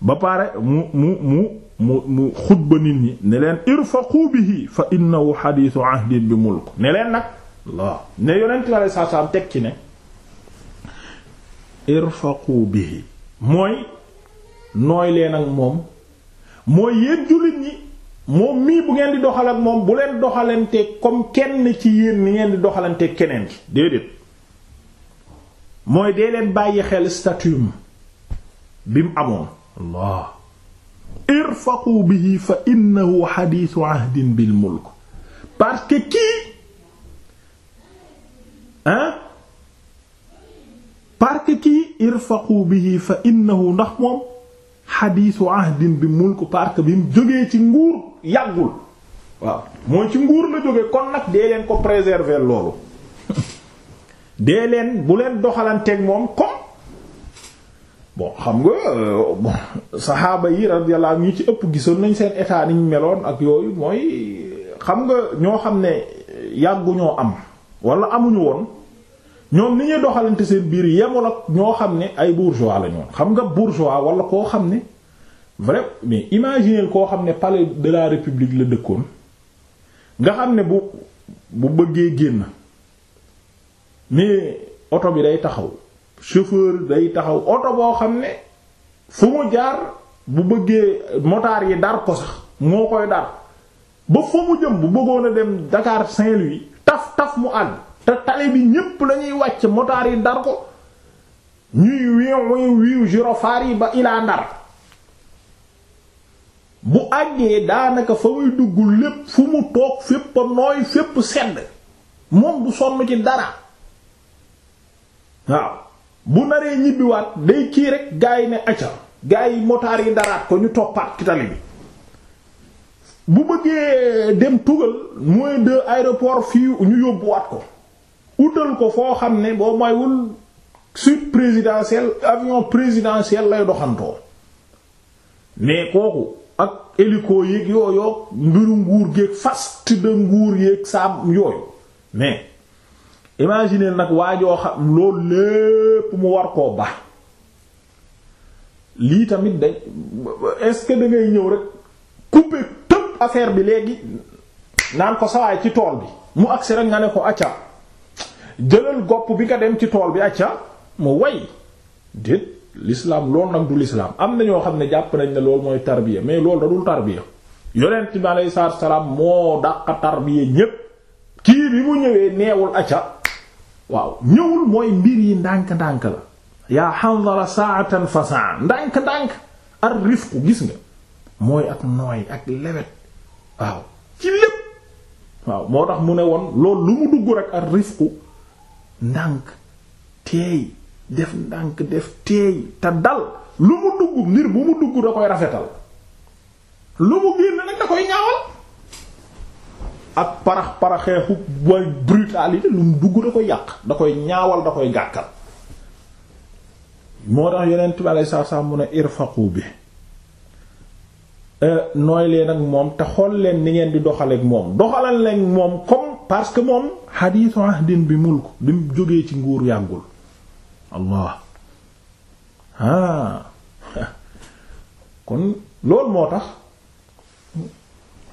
ba pare mu mu mu mu mu xutba nit ñi ne leen irfaqu bihi fa innahu xadiisu ahdin bi mulk ne leen nag ne yonent la saa saa teg ci ne irfaqu bihi mooy nooy leen ak moom mooy yéen jullit ñi moom mii bu ngeen di doxal ak moom bu leen doxalante comme kenn ci yéen ni ngeen di doxalante keneen ki déedéet mooy dee leen bàyyi xel statuum bi mu amoon allah irfaqu bihi fa innahu xadiisu ahdin bi mulk parce kii hein parce fa innahu ndax moom xadiisu ahdin bi mulk parce que bi mu jógee ci nguur yàggul waaw mooy ci nguur la jóge kon nag dee leen ko préserver loolu dee leen bu leen doxalanteeg moom ko bo xam nga euh, saxaaba yi radiyallahu ñu ci ëpp gisoon nañ seen état niñ meloon ak yooyu mooy xam nga ñoo xam ne yàgguñoo am wala amuñu woon ñoom ni ñu doxalante seen biir yemul ak ñoo xam ne ay bourgeois la ñoon xam nga bourgeois wala koo xam ne vrai mais imaginez koo xam ne palais de la république la dëkkoon nga xam ne bu bu bëggee génn mais oto bi day taxaw chauffeur day taxaw oto boo xam ne fu mu jaar bu bëggee motard yi dar ko sax moo koy dar ba fa mu jëm bu bëggoon a dem Dakar Saint-Louis taf taf mu àgg te tali bi ñépp lañuy wàcc motard yi dar ko ñuy wiiw wiiw yi ba ilaa ndar bu àggee daanaka fa muy dugg lépp fu mu toog fépp nooy fépp sedd moom bu sonn ci dara waaw bu naree ñibbiwaat day kii rek gaa yi ne acca gaa yi motaar yi daraat ko ñu toppaat ci tali bi bu bëggee dem tugal mooy de aéroport fii ñu yóbbuwaat ko utal ko foo xam ne boo maywul sut présidentielle avion présidentiel lay doxantoo mais kooku ak hélico yéeg yooyoog mbiru nguur géeg fast de nguur yéeg saam yooyu mais imaginez nag waajoo xam loolu lépp mu war koo ba lii tamit dañ est-ce ñëw rek couper tëb affaire bi léegi naan ko sawaay ci tool bi mu agsi rek nga ne ko acca jëlal gopp bi nga dem ci tool bi acca mu way déet l'islam loolu nag du l'islam am na ñoo xam ne jàpp nañ ne loolu mooy tarbiya mais loolu da dul tarbiya yonent bi aleyhi salaatu salaam moo dàq tarbiya ñépp kii bi mu ñëwee neewul acca waaw ñëwul mooy mbir yi ndànk-ndànk la yaa Hanzala saatan fa saa ndànk-ndànk ar rifqu gis nga mooy ak nooy ak lewet waaw ci lépp waaw moo tax mu ne woon loolu lu mu dugg rek ar rifqu ndànk teey def ndànk def teey te dal lu mu dugg mbir bu mu dugg da koy rafetal lu mu génn nag da koy ñaawal ak parax paraxeexu way brutalité lu mu dugg da ko yàq da koy ñaawal da koy gàkkal moo tax yeneen tibaale saa saa mu ne irfaqu bi euh, nooy leen ak moom te xool leen ni ngeen di doxaleek moom doxalal leen moom comme parce que moom xadiisu ahdin bi mulk bi mu jógee ci nguur yàggul allah ah [laughs] kon loolu moo tax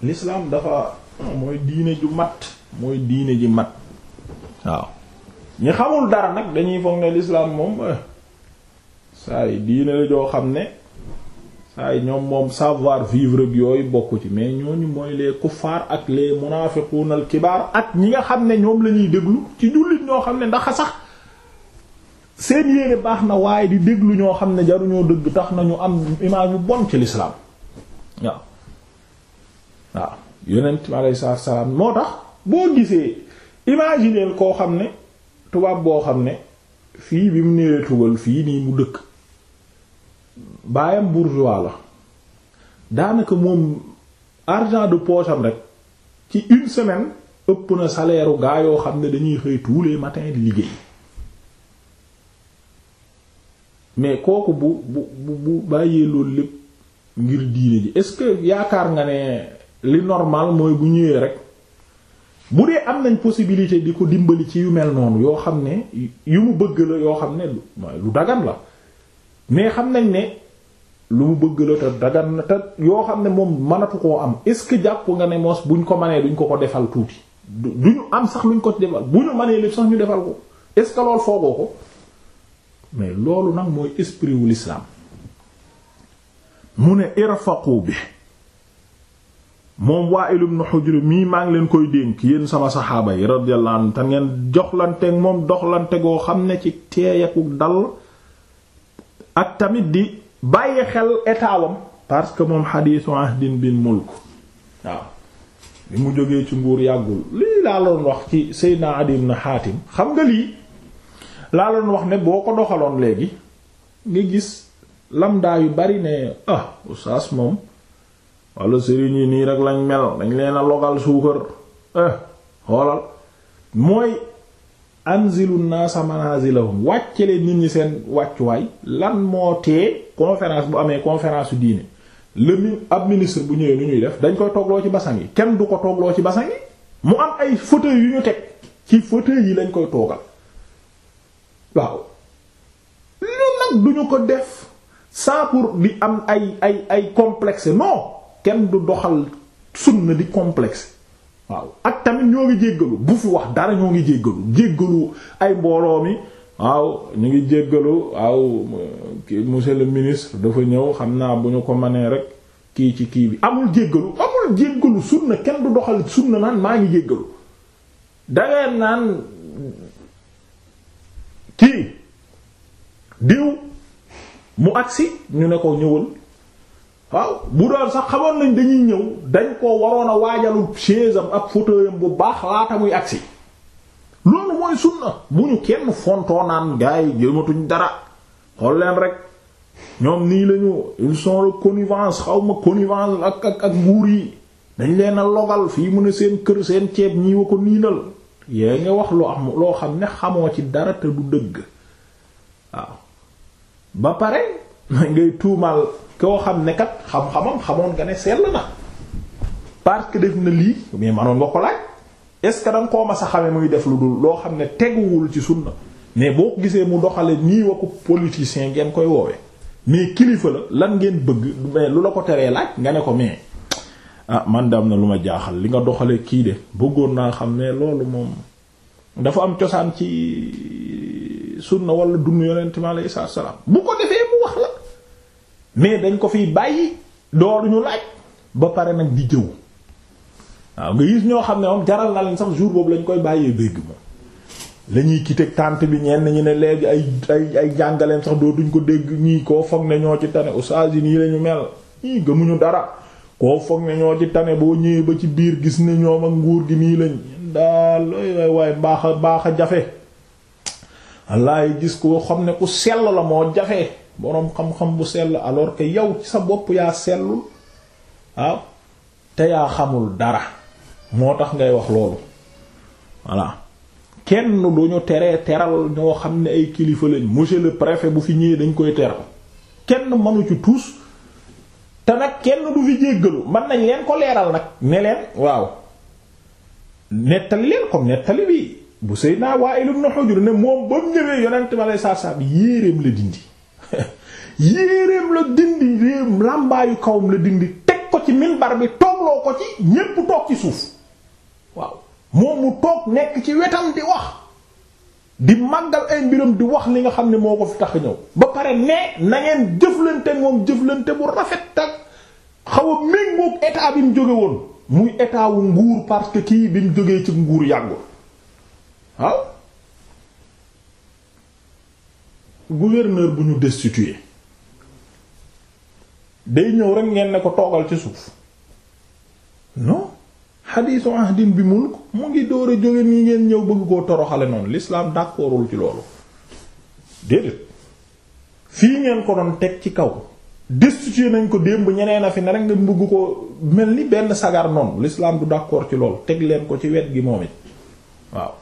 l'islam dafa Hmm, mooy diine ju mat mooy diine ji mat waaw ñi xamul dara nag dañuy foog lislaam l'islam moom eh, saa yi diine la joo xam ne saa yi ñoom moom savoir vivre yooyu bokk ci mais ñooñu mooy les kuffar ak les munafiqun al kibaar ak ñi nga xam ne ñoom lañuy déglu ci jullit ñoo xam ne ndax sax seen yéene baax na waaye di déglu ñoo xam ne jaruñoo dëgg tax nañu am image bu bon ci l'islam waaw waaw yonent mi alayhi salaam moo tax boo gisee imagineel koo xam ne tubaab boo xam ne fii bi mu néewee tugal fii nii mu dëkk baayam bourgeois la daanaka moom argent de poche am rek ci une semaine ëpp na saleeru gaa yoo xam ne dañuy xëy tous les matins di liggéey mais kooku bu bu bu bàyyee loolu lépp ngir diine ji est-ce que yaakaar nga ne. li normal mooy bu ñëwee rek bu dee am nañ possibilité di ko dimbali ci yu mel noonu yoo xam ne yu mu bëgg la yoo xam ne lu dagan la mais xam nañ ne lu mu bëgg la te dagan na te yoo xam ne moom mënatu koo am est-ce que jàpp nga ne mos buñ ko manee duñ ko ko defal tuuti du ñu am sax luñ ko defal bu ñu mënee lépp sax ñu defal ko est-ce que loolu foogoo ko mais loolu nag mooy esprit wu mu ne irfaqu bi moom Wa'il ibn Hujr mii maa ngi leen koy dénk yéen sama saxaaba yi radiyallahu ngeen joxlanteeg moom doxlante goo xam ne ci teeyaku dal ak tamit di bàyyi xel état parce que moom xadiisu ahdin bin mulk waaw li mu jógee ci nguur yàggul lii laa doon wax ci Seydina Adi ibn Hatim xam nga lii laa doon wax ne boo ko doxaloon léegi nga gis lamdaa yu bari ne ah oustaz moom wala sëriñ yi nii rek lañ mel dañ leen a logal suukar eh xoolal mooy anzilu naasa manazilahum wàcce leen nit ñi seen wàccuwaay lan moo tee conférence bu amee conférence su diine le ab ministre bu ñëwee lu ñuy def dañ koy toogloo ci basan yi kenn du ko toogloo ci basan yi mu am ay fauteuil yu ñu teg ci fauteuil yi lañ koy toogal waaw lu nag duñu ko def sans pour di am ay ay ay complexe non kenn du doxal na di complex waaw ak tamit ñoo ngi jéggalu bu fi wax dara ñoo ngi jéggalu jéggalu ay mbooloo mi waaw ñu ngi jéggalu waaw monsieur le ministre dafa ñëw xam naa bu ñu ko manee rek kii ci kii bi amul jéggalu amul jéggalu na kenn du doxal sut na naan maa ngi jéggalu dangay naan kii diw mu agsi ñu ne ko ñëwal waaw bu doon sax xamoon nañ dañuy ñëw dañ ko waroon a waajalu chaise ak fauteuil am bu baax laata muy agsi loolu mooy sunna bu ñu kenn fontoo naan gars yi jëmatuñ dara xool leen rek ñoom nii lañu ils connivence xaw ma connivence ak ak ak nguur yi dañ leen a logal fii mu ne seen kër seen ceeb ñii wa ko niinal yee nga wax loo am loo xam ne xamoo ci dara te du dëgg waaw ba pare ngay tuumaal koo xam ne kat xam-xamam xamoon nga ne sell na parce que def na lii mais manoon nga ko laaj est-ce que da nga koo mas a xame muy def lu dul loo xam ne teguwul ci sunna mais boo ko gisee mu doxale nii wa ko politicien ngeen koy woowee mais kilifa la lan ngeen bëgg mais lu la ko teree laaj nga ne ko mais ah man de na lu ma jaaxal li nga doxale kii de bëggoon naa xam ne loolu moom dafa am cosaan ci sun na wala dund yonent mi alayhi salaam bu ko defee mais dañ ko fiy bàyyi dooruñu laaj ba pare nag di jëw waaw nga gis ñoo xam ne moom jaral na leen sax jour boobu lañ koy bàyyee bégg moom la tànt bi ñenn ñu ne léegi ay ay ay jàngaleem sax doo duñ ko dégg ñii koo foog ne ñoo ci tane oustaz nii lañu ñu mel ñii gëmuñu dara koo foog ne ñoo ci tane boo ñëwee ba ci biir gis ne ñoom ak nguur gi nii lañ daal ay waaye baax a baax a jafe. wallaay gis koo xam ne ku sell la moo jafe. boroom xam-xam bu sell alors que yow ci sa bopp yaa sellul waaw te yaa xamul dara moo tax ngay wax loolu voilà kenn du ñu teree teral ñoo xam ne ay kilifa lañ monsieur le préfet bu fi ñëwee dañ koy teral kenn mënu ci tuus te nag kenn du fi jéggalu mën nañ leen ko leeral nag ne leen waaw nettali leen comme nettali bi bu Seydina Wa'il ibn Hujr ne moom ba mu ñëwee yonent ma lay saar saar bi yéreem la dindi yéeréem la dindi réem làmbaayu kawam la dindi teg ko ci minbar bi loo ko ci ñépp toog ci suuf waaw moom mu toog nekk ci wetam di wax di màggal ay mbiram di wax li nga xam ne moo ko fi tax ñëw ba pare ne na jëflante moom jëflante bu rafet ak xaw a méngoog état bi mu jóge woon muy état wu nguur parce que kii bi mu jógee ci nguur yàggul waaw gouverneur bu ñu destitué day ñëw rek ngeen ne ko toogal ci suuf non xadiisu ahdin bi mulk mu ngi door a jóge nii ngeen ñëw bëgg koo toroxale noonu l'islam d'accordul ci loolu déedéet ngeen ko doon teg ci kaw destitué nañ ko démb ñeneen a fi rek nga bëgg mel ni benn sagar noonu l'islam du d'accord ci loolu teg leen ko ci wet gi moom it waaw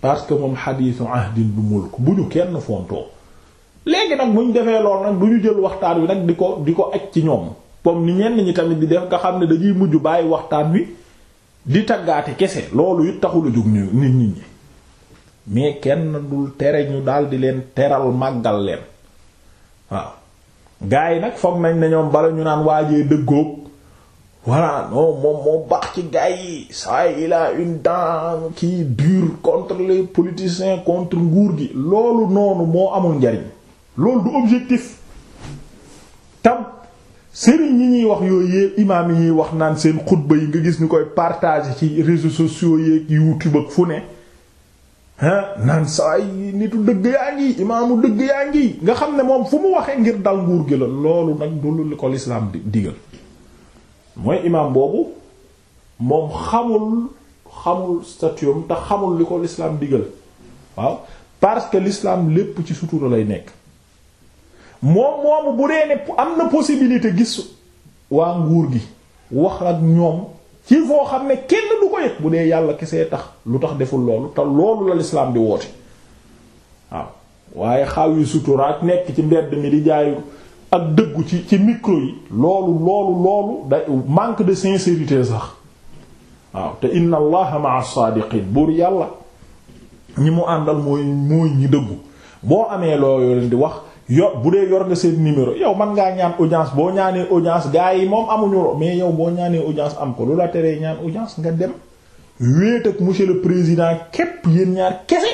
parce que moom xadiisu ahdin bi mulk bu ñu kenn fontoo léegi nag bu defee lool nag du ñu jël waxtaan wi nag di ko di ko aj ci ñoom comme ni ñenn ñi tamit di def nga xam ne dañuy mujj bàyyi waxtaan wi di taggaati kese loolu it taxul a jóg nit ñi mais kenn dul tere ñu daal di leen teral màggal leen waaw gars yi nag foog nañ ne ñoom bala ñu naan waajee dëggoog voilà non moom moo baax ci gars yi ça il une dent qui dure contre les politiciens contre nguur gi loolu noonu moo amul njariñ loolu du objectif tam sëriñ ñi ñuy wax yooyu yépp imaam yi ñuy wax naan seen xutba yi nga gis ñu koy partage ci réseaux sociaux yeeg YouTube ak fu ne ah naan saa nitu dëgg yaa ngi imaamu dëgg yaa ngi nga xam ne moom fu mu waxee ngir dal nguur gi la loolu nag du lu ko lislaam di mooy imaam boobu moom xamul xamul statuam te xamul li ko lislaam digal waaw parce que l'islam lépp ci sutura lay nekk moom moomu bu dee ne am na possibilité gis waa nguur gi wax ak ñoom ci foo xam ne kenn du ko yëg bu dee yàlla kese tax lu tax deful loolu te loolu la lislaam di woote waaw waaye xaw yi suturaak nekk ci mbedd mi di jaayu ak dëggu ci ci micro yi loolu loolu loolu da manque de sincérité sax waaw te inna allaha ma'a as-saadiqin buur yàlla ñi mu àndal mooy mooy ñi dëggu boo amee loolu leen di wax yo bu dee yor nga seen numéro yow man ngaa ñaan audience boo ñaanee audience gars yi moom amuñu mais yow boo ñaanee audience am ko lu la teree ñaan audience nga dem wéet ak monsieur le président képp yéen ñaar kese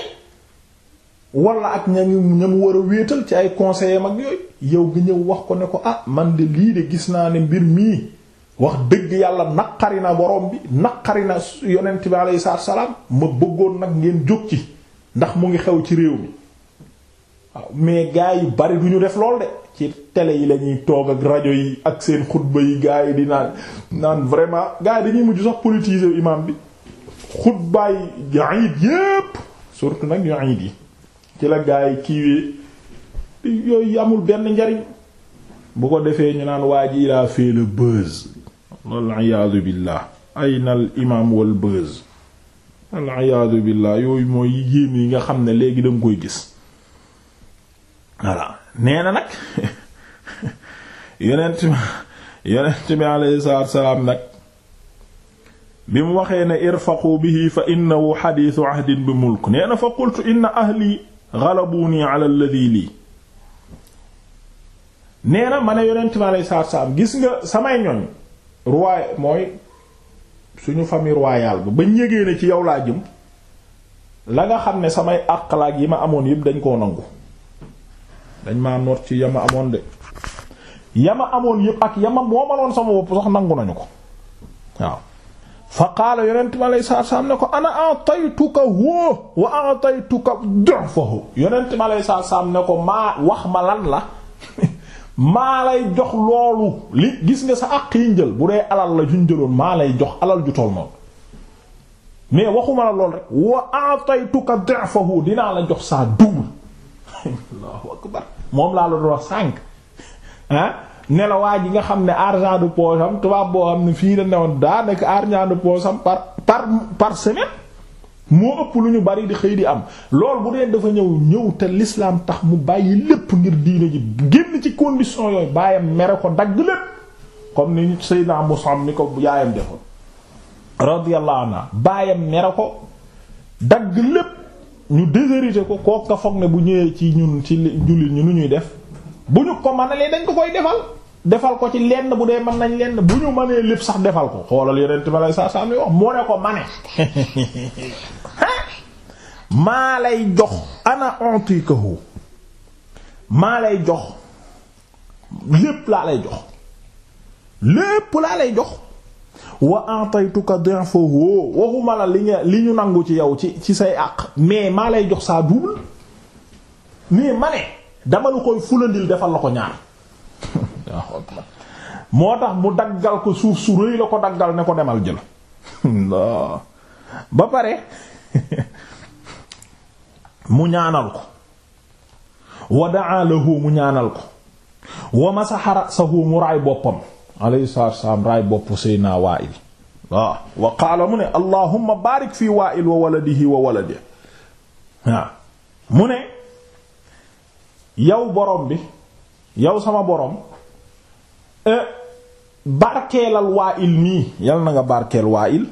wala ak ña ña mu war a wéetal ci ay conseillers mag yooyu yow nga ñëw wax ko ne ko ah man de lii de gis naa ne mbir mii wax dëgg yàlla naqari na borom bi naqari na yonent bi alayhi salaam ma bëggoon nag ngeen jóg ci ndax mu ngi xew ci réew mi. waaw mais gars yi bari du ñu def lool de ci télé yi lañuy ñuy toog ak rajo yi ak seen xutba yi gars yi di naan naan vraiment gars yi dañuy mujj sax politiser imam bi xutbaay iid yépp surtout nag yu iid yi ci la gars yi kiiwee yooyu amul benn njariñ bu ko defee ñu naan waa ji il a fait le buzz wal iyaadu billah ayna al imam wal buzz al iyaadu billah yooyu mooy yéen yi nga xam ne léegi danga koy gis voilà nee na nag [laughs] yonent yonent bi alayhi salaatu salaam nag bi mu waxee ne irfaqu bihi fa innahu xadiisu ahdin bi mulk nee na fa qultu inna ahli ghalabuni ala alladhi lii nee na ma ne yonent bi alayhi salaatu salaam gis nga samay ñoñ roi mooy suñu famille royale ba ba ñégee ne ci yow laa jëm la nga xam ne samay àqlaak yi ma amoon yëpp dañ koo nangu dañ maa noot ci yama amoon de yama amoon yëpp ak yama moomaloon sama bopp sax nangu nañu ko waaw fa qaala yonent mi alayhi salaatu salaam ne ko ana a'taytuka huwa wa a'taytuka du'fahu yonent mi alayhi salaatu salaam ko maa wax ma lan la [laughs] maa lay jox loolu li gis nga sa àq yi njël bu dee alal la juñ jëloon maa lay jox alal ju tool noonu mais waxuma la lool rek wa a'taytuka du'fahu dinaa la jox saa duul [laughs] moom laa la doon wax sànq ah ji nga xam ne argent de poche am tubaab boo xam ne fii la newoon daanaka argent de poche am par par par semaine moo ëpp lu ñu bari di xëy di am lool bu dee dafa ñëw ñëw te lislaam tax mu bàyyi lépp ngir diine ji génn ci condition yooyu baayam mere ko dagg lépp comme ni Seydina Mus'ab ni ko yaayam defoon radiyallahu anha baayam mere ko dagg lépp ñu déshérité ko kooku nga foog ne bu ñëwee ci ñun ci jullit ñu nu ñuy def bu ñu ko lee dañ ko koy defal defal ko ci lenn bu dee man nañ lenn bu ñu mënee lépp sax defal ko xoolal yeneen ma lay sa sa mi wax moo ne ko mane [laughs] maa lay jox ana antikahu maa lay jox lépp laa lay jox lépp laa lay jox wa a'taytuka di'fahu waxuma la li nga li ñu nangu ci yow ci ci say àq mais maa lay jox saa double mais ma ne dama lu koy fulandil defal la ko ñaar [laughs] moo tax mu daggal ko suuf su rëy la ko daggal ne ko demal jël ba pare [laughs] mu ñaanal ko wa da'a lahu mu ñaanal ko wa masaha ra'sahu mu raay boppam alayhi salaatu wassalaam raay bopp Seydina Waa'il waaw wa qaala mu ne allahumma baarik fii Waa'il wa waladihi ne yow bi yow sama boroom eh, barkeelal Waa'il nii yal na nga barkeel Waa'il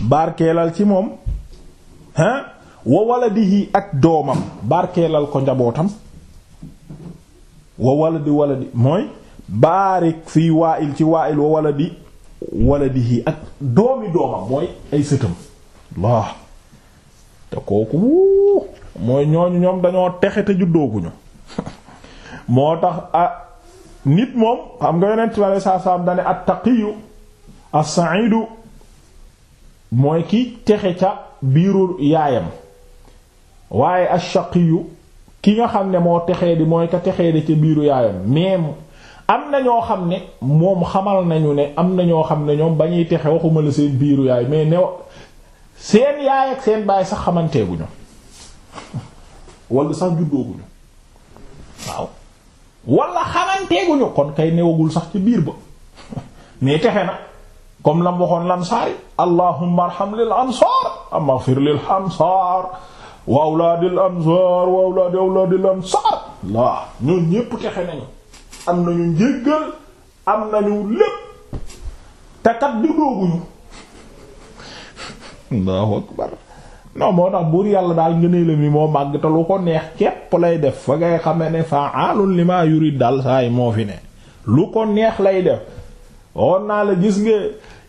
barkeelal ci moom hein wa waladihi ak doomam barkeelal ko njabootam wa waladi waladi mooy baarik fii waa'il ci waa'il wa waladi waladihi ak doomi doomam mooy ay sëtam Allah te kooku mooy ñooñu ñoom dañoo texe te juddooguñu [laughs] moo tax a nit moom xam nga yonent bi alei saa salaam dane at-taqiyu as-sa'idu mooy ki texe ca biiru yaayam waaye ash-shaqiyu ki nga xam ne moo texee di mooy ka texee di ca biiru yaayam même am na ñoo xam ne moom xamal nañu ne am na ñoo xam ne ñoom ba ñuy texe waxuma la seen biiru yaay mais new seen yaay ak seen baay sax xamanteeguñu wala sax juddooguñu waaw wala xamanteeguñu kon kay newagul sax ci biir ba mais texe na comme lam waxoon lansaari allahumma arham lil ansaar amma fir lil ansaar wa awlaadil awlaadi ansaar laa ñoo ñépp texe nañu am nañu njéggal am nañu lépp te kat di dooguñu moo tax buur yàlla daal ngëneelam yi moo màgg te lu ko neex képp lay def fa ngay xamee ne fa'aalun limaa yurid daal saa yi moo fi ne lu ko neex lay def woon naa la gis nga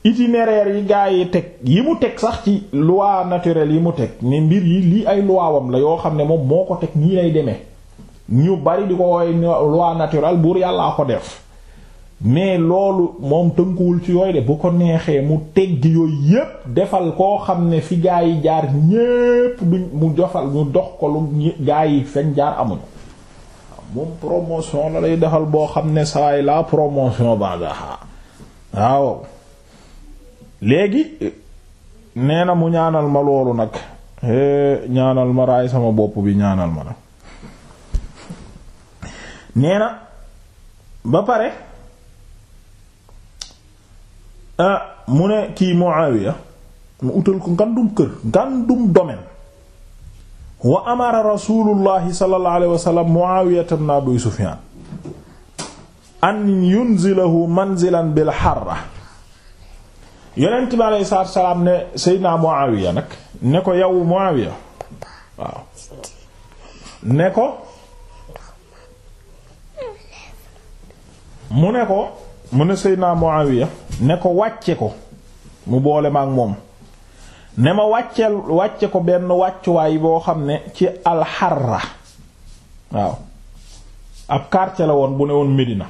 itinéraire yi gaa yi teg yi mu teg sax ci loi naturel yi mu teg ne mbir yi lii ay loi la yoo xam ne moom moo ko teg nii lay demee ñu bari di ko woowe loi naturelle buur yàllaa ko def mais loolu moom tënkuwul ci yooyu de bu ko neexee mu teggi yooyu yépp defal koo xam ne fi gaa yi jaar ñépp duñ mu jofal mu dox ko lu gaa yi feñ jaar amuñu moom promotion la lay defal boo xam ne saay la promotion badaha waaw léegi nee na mu ñaanal ma loolu nag eh, ñaanal ma raay sama bopp bi ñaanal ma nag nee na ba pare ah, mu ne kii Muawiya mu utal ko ngandum kër ngandum domaine wa amara rasulullahi sallallahu alayhi wa sallam Muawiyata ibn Abi Sufyan an yunzilahu manzilan bil harra yonent bi alayhi salaam ne Seydina Muawiya nag ne ko yow Muawiya waaw ne ko mu ne ko mu ne naa Seydina Muawiya ne ko wàcce ko mu boole maak moom ne ma wàcceel wàcce ko benn wàccuwaay boo xam ne ci alxarra waaw ab quartier la woon bu ne woon Médina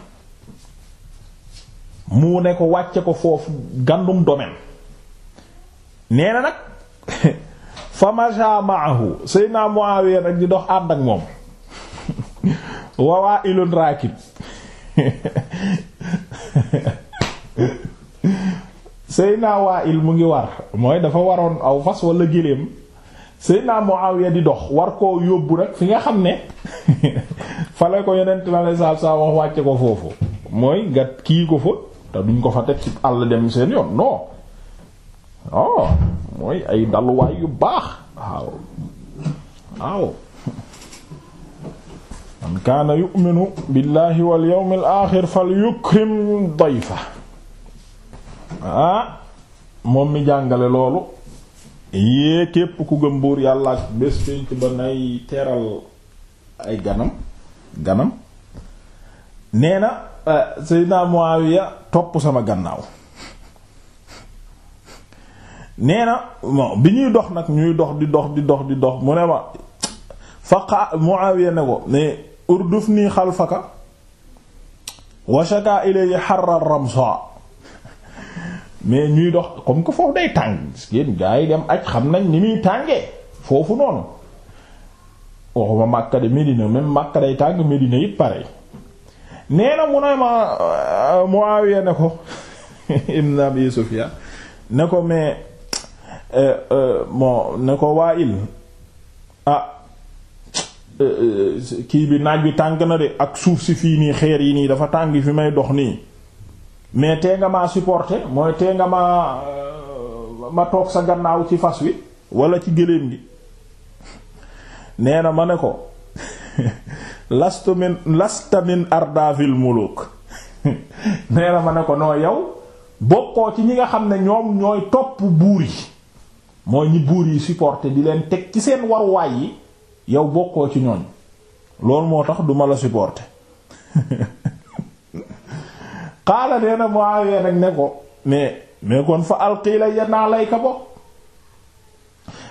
mu ne ko wàcce ko foofu gandum domaine nee na nag [laughs] fa masha ma'ahu Seydina Muawiya nag di dox ànd ak moom [laughs] wawaa ilun raakib [laughs] Seyna Waa'il mu ngi war mooy dafa waroon aw fas wala géléem Seyna Muawiya di dox war koo yóbbu rek fi nga xam ne [laughs] fale ko yonent na lay saab saab wax wàcce ko foofu mooy nga kii ko fa te duñ ko fa teg ci àll dem seen yoon non oh mooy ay dalluwaay yu baax waaw waaw man kaana yu'minu billaahi wal yawmil aaxir falyukrim dayfa ah moom mi jàngale loolu yée képp ku gëm buur yàlla ak bés pénc ba nay teeral ay ganam ganam nee na eh, Seydina Muawiya topp sama gannaaw nee na bi ñuy dox nag ñuy dox di dox di dox di dox mu ne ma faqa Muawiya ne ko ne urduf nii xalfaka wa shaka ilayhi harra ramsa mais ñuy dox comme que foofu day tàng yéen gars yi dem aj xam nañ ni muy tàngee foofu noonu waxuma Makka de Medina même Makka tàng Medina it pare nee na mu ne ma euh, Muawiya ne ko [laughs] ibn Abi Sufyan ne ko mais euh, euh, bon ne ko waa il ah kii bi naaj bi tàng na de ak suuf si fii nii xeer yi nii dafa tàng fi may dox nii mais tee nga maa supporter mooy tee nga maa euh, ma toog sa gannaaw ci fas wi wala ci gëléem gi [laughs] nee na ma ne ko [laughs] lastu min lasta min ardavil muluk [laughs] nee na ma ne ko noo yow bokkoo ci ñi nga xam ne ñoom ñooy topp buur yi mooy ñi buur yi supporter di leen teg ci seen waruwaay yi yow bokkoo ci ñooñ loolu moo tax duma la supporter qaala nee na Muawiya nag ne ko mais mais kon fa alqiila ya naa lay ka bokk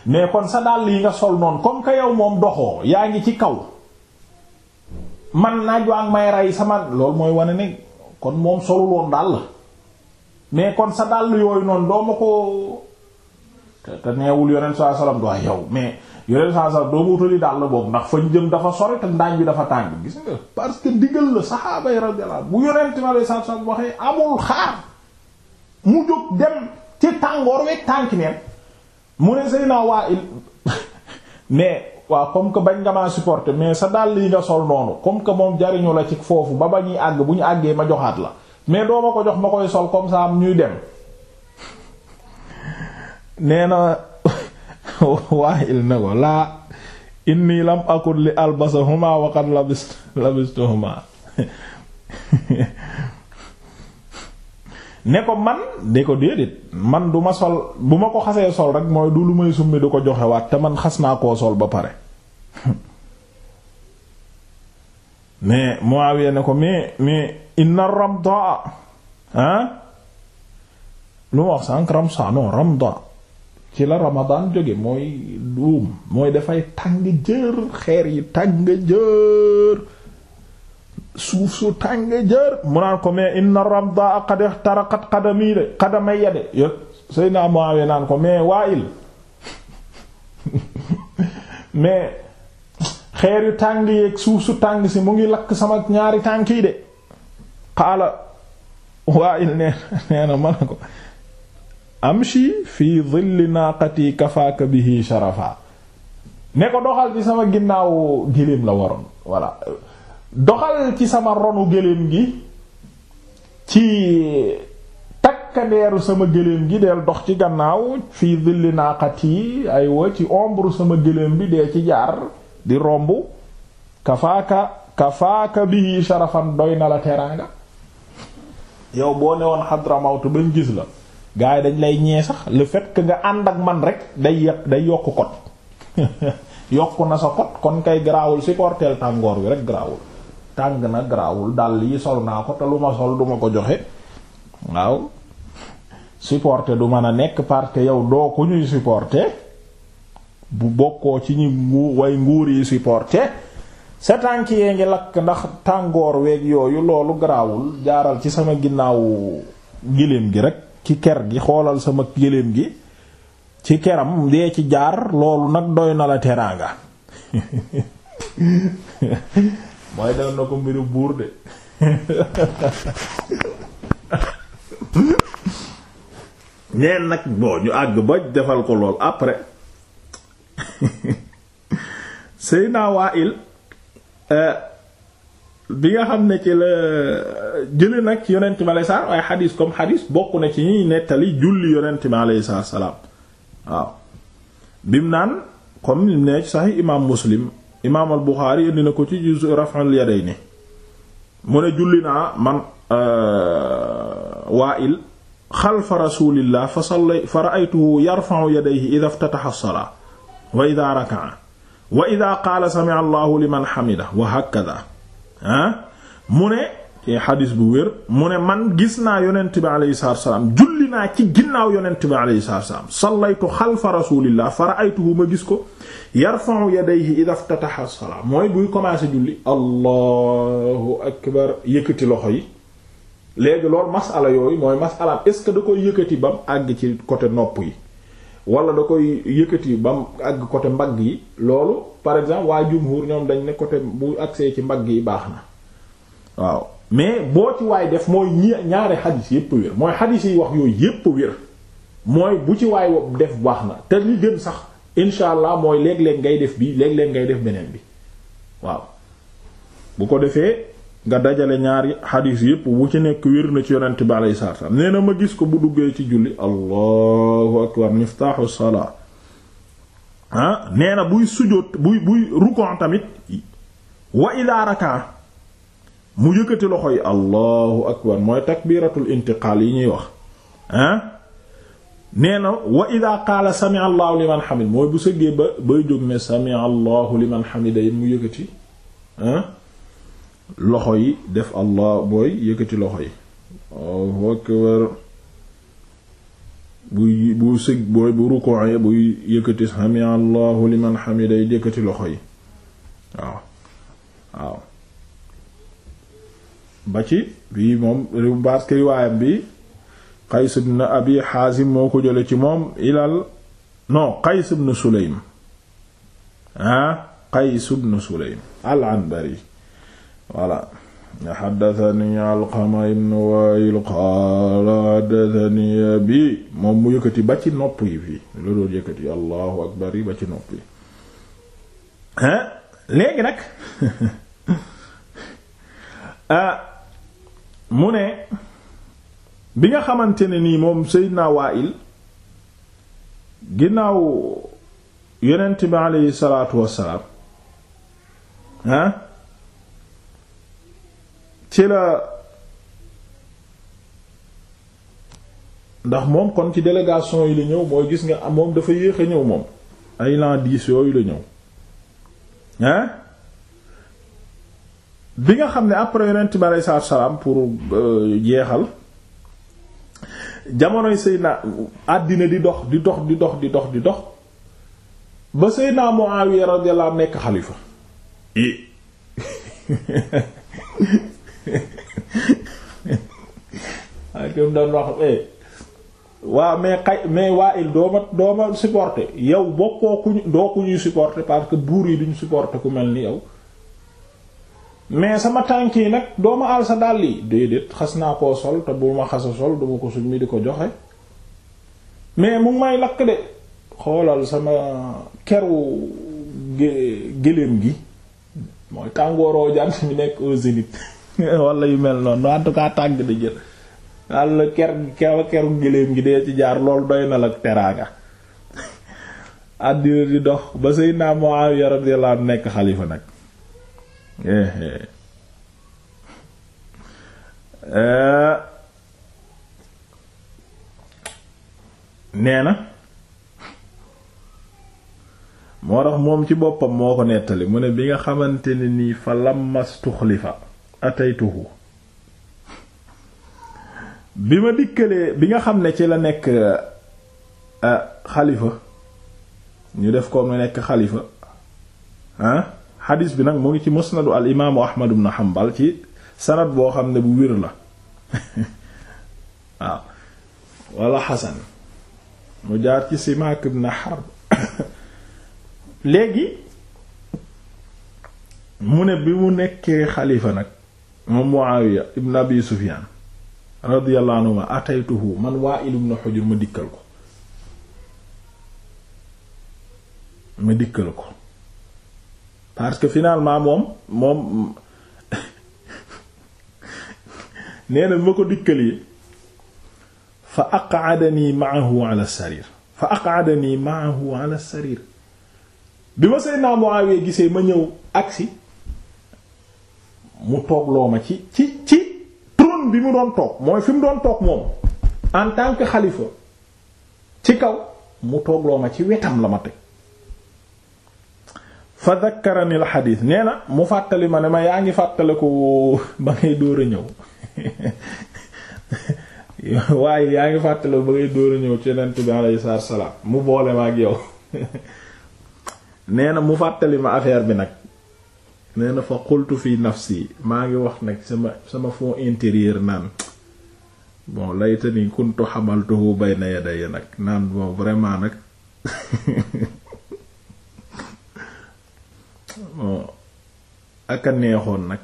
mais kon sa dàll yi nga sol noonu comme que yow moom doxoo yaa ngi ci kaw man naaj waa ngi may rey sama loolu mooy wane ne kon moom soluloon daal la mais kon sa dàll yooyu noonu doo ma ko te neewul yonent saa salaam du ay yow mais yonent saa salaam doo wutali daal la boobu ndax fañ jëm dafa sori te ndaañ bi dafa tàng gis nga parce que diggal la saxaaba yi radiyallahu bu yonent ma lay saa salaam waxee amul xaar mu jóg dem ci tàngoor weeg tànk neen mu ne sëy naa waa il [laughs] mais waaw comme que bañ nga maa supporter mais sa dàll yi nga sol noonu comme que moom jariñu la ci foofu ba ba ñuy àgg bu ñu àggee ma joxaat la mais doo ma ko jox ma koy sol comme ça ñuy dem. nee [laughs] na Waa'il ne ko laa inni lam akun li albasahuma wa qad labis labistuhuma [laughs] ne ko man de ko déedéet man du ma sol bu ma ko xasee sol rek mooy du lu may summi du ko joxewaat te man xas naa koo sol ba pare mais [laughs] Muawiya ne ko mais mais inna ramda ah lu ma wax sànq ramsa non ramda ci la Ramadan jóge mooy luum mooy dafay tàng jër xeer yi tàng jër suuf su tàng jër mu naan ko mais inna ramda qad ihtaraqat qadami de qadamayya de yo Seydina Muawiya naan ko mais Wa'il [laughs] mais xeer yu tàng yeeg suuf su tàng si mu ngi lakk sama ñaari tànk yi de xaala Wa'il nee nee ko amshi fii dhilli naaqati kafaaka bihi sharafa ne ko doxal ci sama ginnaaw géléem la waroon voilà doxal ci sama ronu géléem gi ci takkandeeru sama géléem gi deel dox ci gannaaw fii dhilli ay aywa ci ombre sama géléem bi dee ci jaar di romb kafaaka kafaaka bihi sharafan doy na la teraanga yow boo newoon Hadramawt bañ gis la gars yi dañ lay ñee sax lu fekk nga ànd ak man rek day yàq day yokk kot [laughs] yokk na sa kot kon kay garaawul si tàngoor wi rek garaawul tàng na garaawul dàll yi sol naa ko te lu ma sol duma ko joxe waaw supporter du mën a nekk parce que yow doo ko ñuy supporter bu bokkoo ci ñi ngu way nguur yi supporter sa tànk yee ngi lakk ndax tàngoor weeg yooyu loolu garaawul jaaral ci sama ginnaaw giléem gi rek ci ker gi xoolal sama gëléem gi ci keram dee ci jaar loolu nag doy na la teraanga [laughs] mooy dem na ko mbiru buur de [laughs] neen nag boo ñu àgg ba defal ko lool après Seydina [laughs] Waa'il euh, bi nga xam ne ci la euh, jële nag yonent bi alayhi salaam waaye xadiis comme bokk na ci nettali julli yonent bi alayhi salaam waaw bim naan comme lim ne ci saxiix imaam muslim imaam al buxaari indi na ko ci juz raf'ul yadayni mu ne man euh, waa'il xalfa rasulillah fa salla fa ra'aytuhu yarfa'u yadayhi idha iftataha as-salaa wa idha raka'a wa idha qaala sami'a liman hamidah wa hakadha ah mu ne ci xadis bu wér mu ne man gis naa yonent bi alayhi salaatu wassalaam julli naa ci ginnaaw yonent bi alayhi salaatu wassalaam sallaytu xalfa rasulillah fa ma gis ko yarfa'u yadayhi idha iftataha as-salaa mooy buy commencé julli allahu akbar yëkkati loxo yi léegi loolu masala yooyu mooy masala est-ce que da koy yëkkati bam àgg ci côté nopp yi wala da koy yëkkati ba mu àgg côté mbagg yi loolu par exemple waa jumhur ñoom dañ ne côté bu agsee ci mbagg yi baax na waaw mais boo ci waay def mooy ñaari xadis yépp wér mooy xadis yi wax yooyu yépp wér mooy bu ci waay def baax na te li gën sax incha allah mooy léeg-léeg ngay def bi léeg-léeg ngay def beneen bi waaw bu ko defee nga dajale ñaari xadiis yépp bu ci nekk wér na ci yonent bi alayhi salaatu nee na ma gis ko bu duggee ci julli allahu akbar miftaaxu salaa ah nee na buy sujjóot buy buy rukon tamit wa idaa raka mu yëkkati loxo yi allahu akbar mooy takbiratul intiqaal yi ñuy wax ah nee na wa idaa qaala sami allahu liman xamid mooy bu sëggee ba bay jóg ne sami allahu liman xamida yi mu yëkkati ah loxo yi def allah booy yëkkati loxo yi Allahu akbar buy bu sëg booy bu rukoe buy yëkkati sami allahu liman xamida yi loxo yi waaw waaw ba ci bii moom parce que bi Qays ibn Abi Haazim moo ko jële ci moom ilal non Qays ibn Sulaym ah Qays ibn Sulaym al-Anbari voilà xaddatani alqama ibnu waayil qaala xaddatani abi moom mu yëkkati ba ci nopp yi fii la doon yëkkati allahu akbar yi ba ci nopp yi léegi nag [laughs] ah, mu ne bi nga xamante ne nii moom seydina waayil ginnaaw yonent bi aleyhi salaatu wassalaam ah ci la ndax moom kon ci délégation yi la ñëw mooy gis nga moom dafa yéexe a ñëw moom ay lan diis yooyu la ñëw hein bi nga xam ne après yonent bi aleyhi salaatu pour euh, jeexal jamonoy Seydina àddina di dox di dox di dox di dox di dox ba Seydina Muawiya radiyallahu anhu nekk xalifa [laughs] bi mu doon wax eh, waa mais xay mais waa il dooma dooma supporter yow bokkoo ku doo ku ñuy supporter parce que buur yi duñu supporter ku mel ni yow mais sama tànk yi nag dooma alsa dàll yi déedéet xas naa koo sol te bu ma xasa sol duma ko summi di ko joxe mais mu may lakk de xoolal sama kerwu géléem gi mooy tàngooroo jant mi nekk au zénith [laughs] wala yu mel noonu en tout cas tàgg da jël àll ker kew keru géléem gi dee ci jaar lool doy na la teraanga [laughs] àddina di dox ba Seydina Muawiya radiyallahu anhu nekk xalifa nag eh, eh. eh. nee na moo tax moom ci boppam moo ko nettali mu ne bi nga xamante ne nii fa lammastuxlifa ataytuhu bi ma dikkalee bi nga xam ne ci la nekk euh, euh, xalifa ñu def ko mu nekk xalifa ah xadiis bi nag mu ngi ci musnadu al imaamu ahmad ibn hanbal ci sanad boo xam ne bu wér la [laughs] waaw wala xasan mu jaar ci si simaak ibn harb [coughs] léegi mu ne bi mu nekkee xalifa nag moom muawiya ibn abi sufyaan radiyallahu anhu ma ataytuhu man Wa'il ibn Hujr ma dikkal ko ma dikkal ko parce que finalement moom moom [laughs] nee na ma ko dikkalee fa aq'adani ma'ahu ala sarir fa aq'adani ma'ahu ala sarir bi ma Seydina Muawiya gisee ma ñëw agsi mu toogloo ma ci ci ci bi mu doon toog mooy fi mu doon toog moom en tant que xalifa ci kaw mu toogloo ma ci wetam la ma teg fa dakkarani al xadiis nee na mu fàttali ma ne ma yaa ngi fàttale ko ba ngay dóor a ñëw [laughs] waaye yaa ngi fàttale ba ngay dóor ñëw ci yonent bi alayhi salaam mu boole ma ak yow [laughs] nee na mu fàttali ma affaire bi nag nee na fa qultu fi nafsi maa ngi wax nag sama sama fond intérieur naan bon layta ni kuntu xamaltuhu bayna yadayya nag naan bon vraiment nag [laughs] bon aka neexoon nag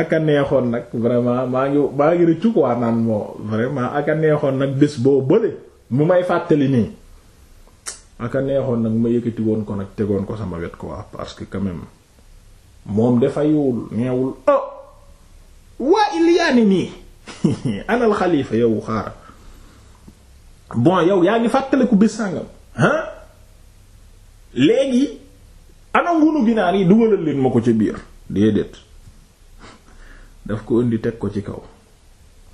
aka neexoon nag vraiment maa ngi maa ngi rëccu vraiment aka neexoon nag bés boo bële mu may fàttali nii aka neexoon nag ma yëkkati woon ko nag tegoon ko sama wet quoi parce que quand moom dafayul neewul oh waa ilyaani nii [laughs] anal xalifa yow xaaral bon yow yaa ngi fàttaliku bés sàngam ah léegi ana ngunu ginaar yi dugalal leen ma ko ca biir déedéet [laughs] daf ko indi teg ko ci kaw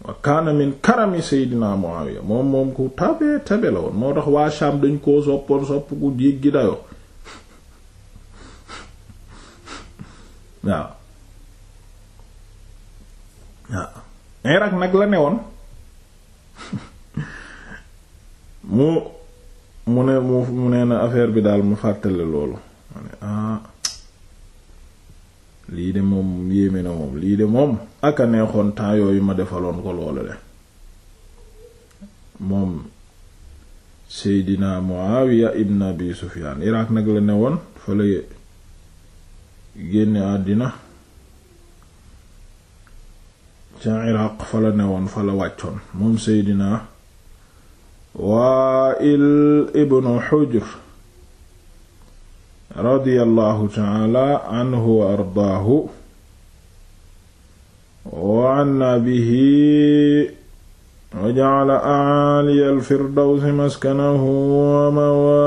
wa kaana karami seydina Muawiya moom moom ku tabe tabe la woon moo tax waa Sham dañ koo soppoon sopp ku jéggi dayoo waaw waaw nag la ne woon [laughs] mu mu ne mu mu nee na affaire bi daal mu fàttale loolu ma ne ah lii de moom yéeme na moom lii de moom aka neexoon temps yooyu ma defaloon ko loolu le moom Seydina Muawiya ibn Abi Sufyan Irak nag la ne woon fële génne àddina ca iraq fa la newoon fa la wàccoon moom seydina Waa'il ibnu Hujr radiyallahu ta'ala anhu wa ardaahu wa anna bihi wa ja'ala a'aaliya al-firdawsi maskanahu wa mawaa